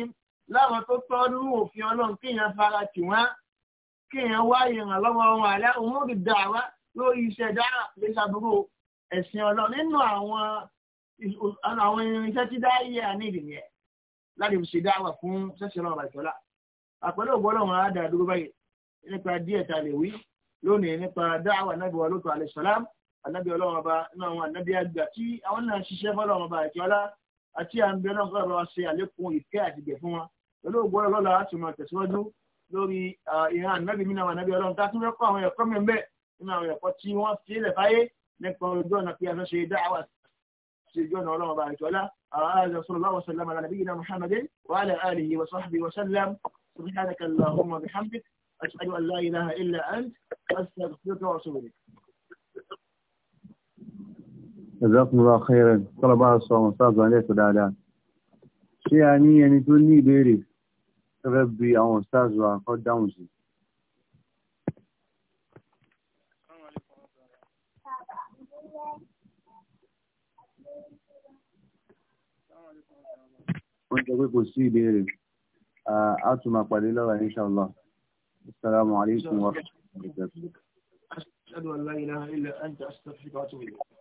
dá láwọn tó tọ́ nú òfin ọlọ́run kéèyàn fara tì wọ́n kéèyàn wá ìrànlọ́wọ́ wọn àlẹ́ òmùrì dàwa lórí iṣẹ́ dára lè ṣàbúrò ẹ̀sìn ọlọ́run nínú àwọn àwọn irinṣẹ́ tí dáyé àníìdì yẹn láti ṣe dáwà fún ṣẹ́ṣẹ́ náà bàtọ́lá àpẹẹrẹ ògbọ́lọ́run àádà dúró báyìí nípa díẹ̀ ta lè wí lónìí nípa dáwà nábì wa lótò alẹ́ sọ́lám ànábì ọlọ́run ọba náà àwọn ànábì àgbà tí àwọn náà ṣiṣẹ́ fọlọ́run ọba àti ọlá àti àǹbẹ̀ náà fọlọ́run ọba ṣe àlékún ìfẹ́ àtìgbẹ̀ fún wọn pẹ̀lú ògbó ẹ̀rọ lọ́la láti máa tẹ̀síwájú lórí ìran ànábì mí náà ànábì ọlọ́run tá a tún fẹ́ kọ́ àwọn ẹ̀kọ́ mi bẹ́ẹ̀ nínú àwọn ẹ̀kọ́ tí wọ́n fi lẹ̀ fáyé nípa ojú ọ̀nà pé a tun fe ṣe mi sí ojú ọ̀nà ọlọ́run ọba àjọlá sọ̀rọ̀ láwọn sọ̀lá màlá lawon جزاكم الله خيرا طلب على الصوم استاذ عليكم دعاء ṣé a ní ẹni tó ní ìbéèrè fẹ́fẹ́ bí àwọn stars wa kọ́ dáhùn sí. wọ́n jẹ́ pé kò sí ìbéèrè a tún máa pàdé lọ́wọ́ inṣàlá assalamu alaikum wa rahmatullahi wa barakatuh.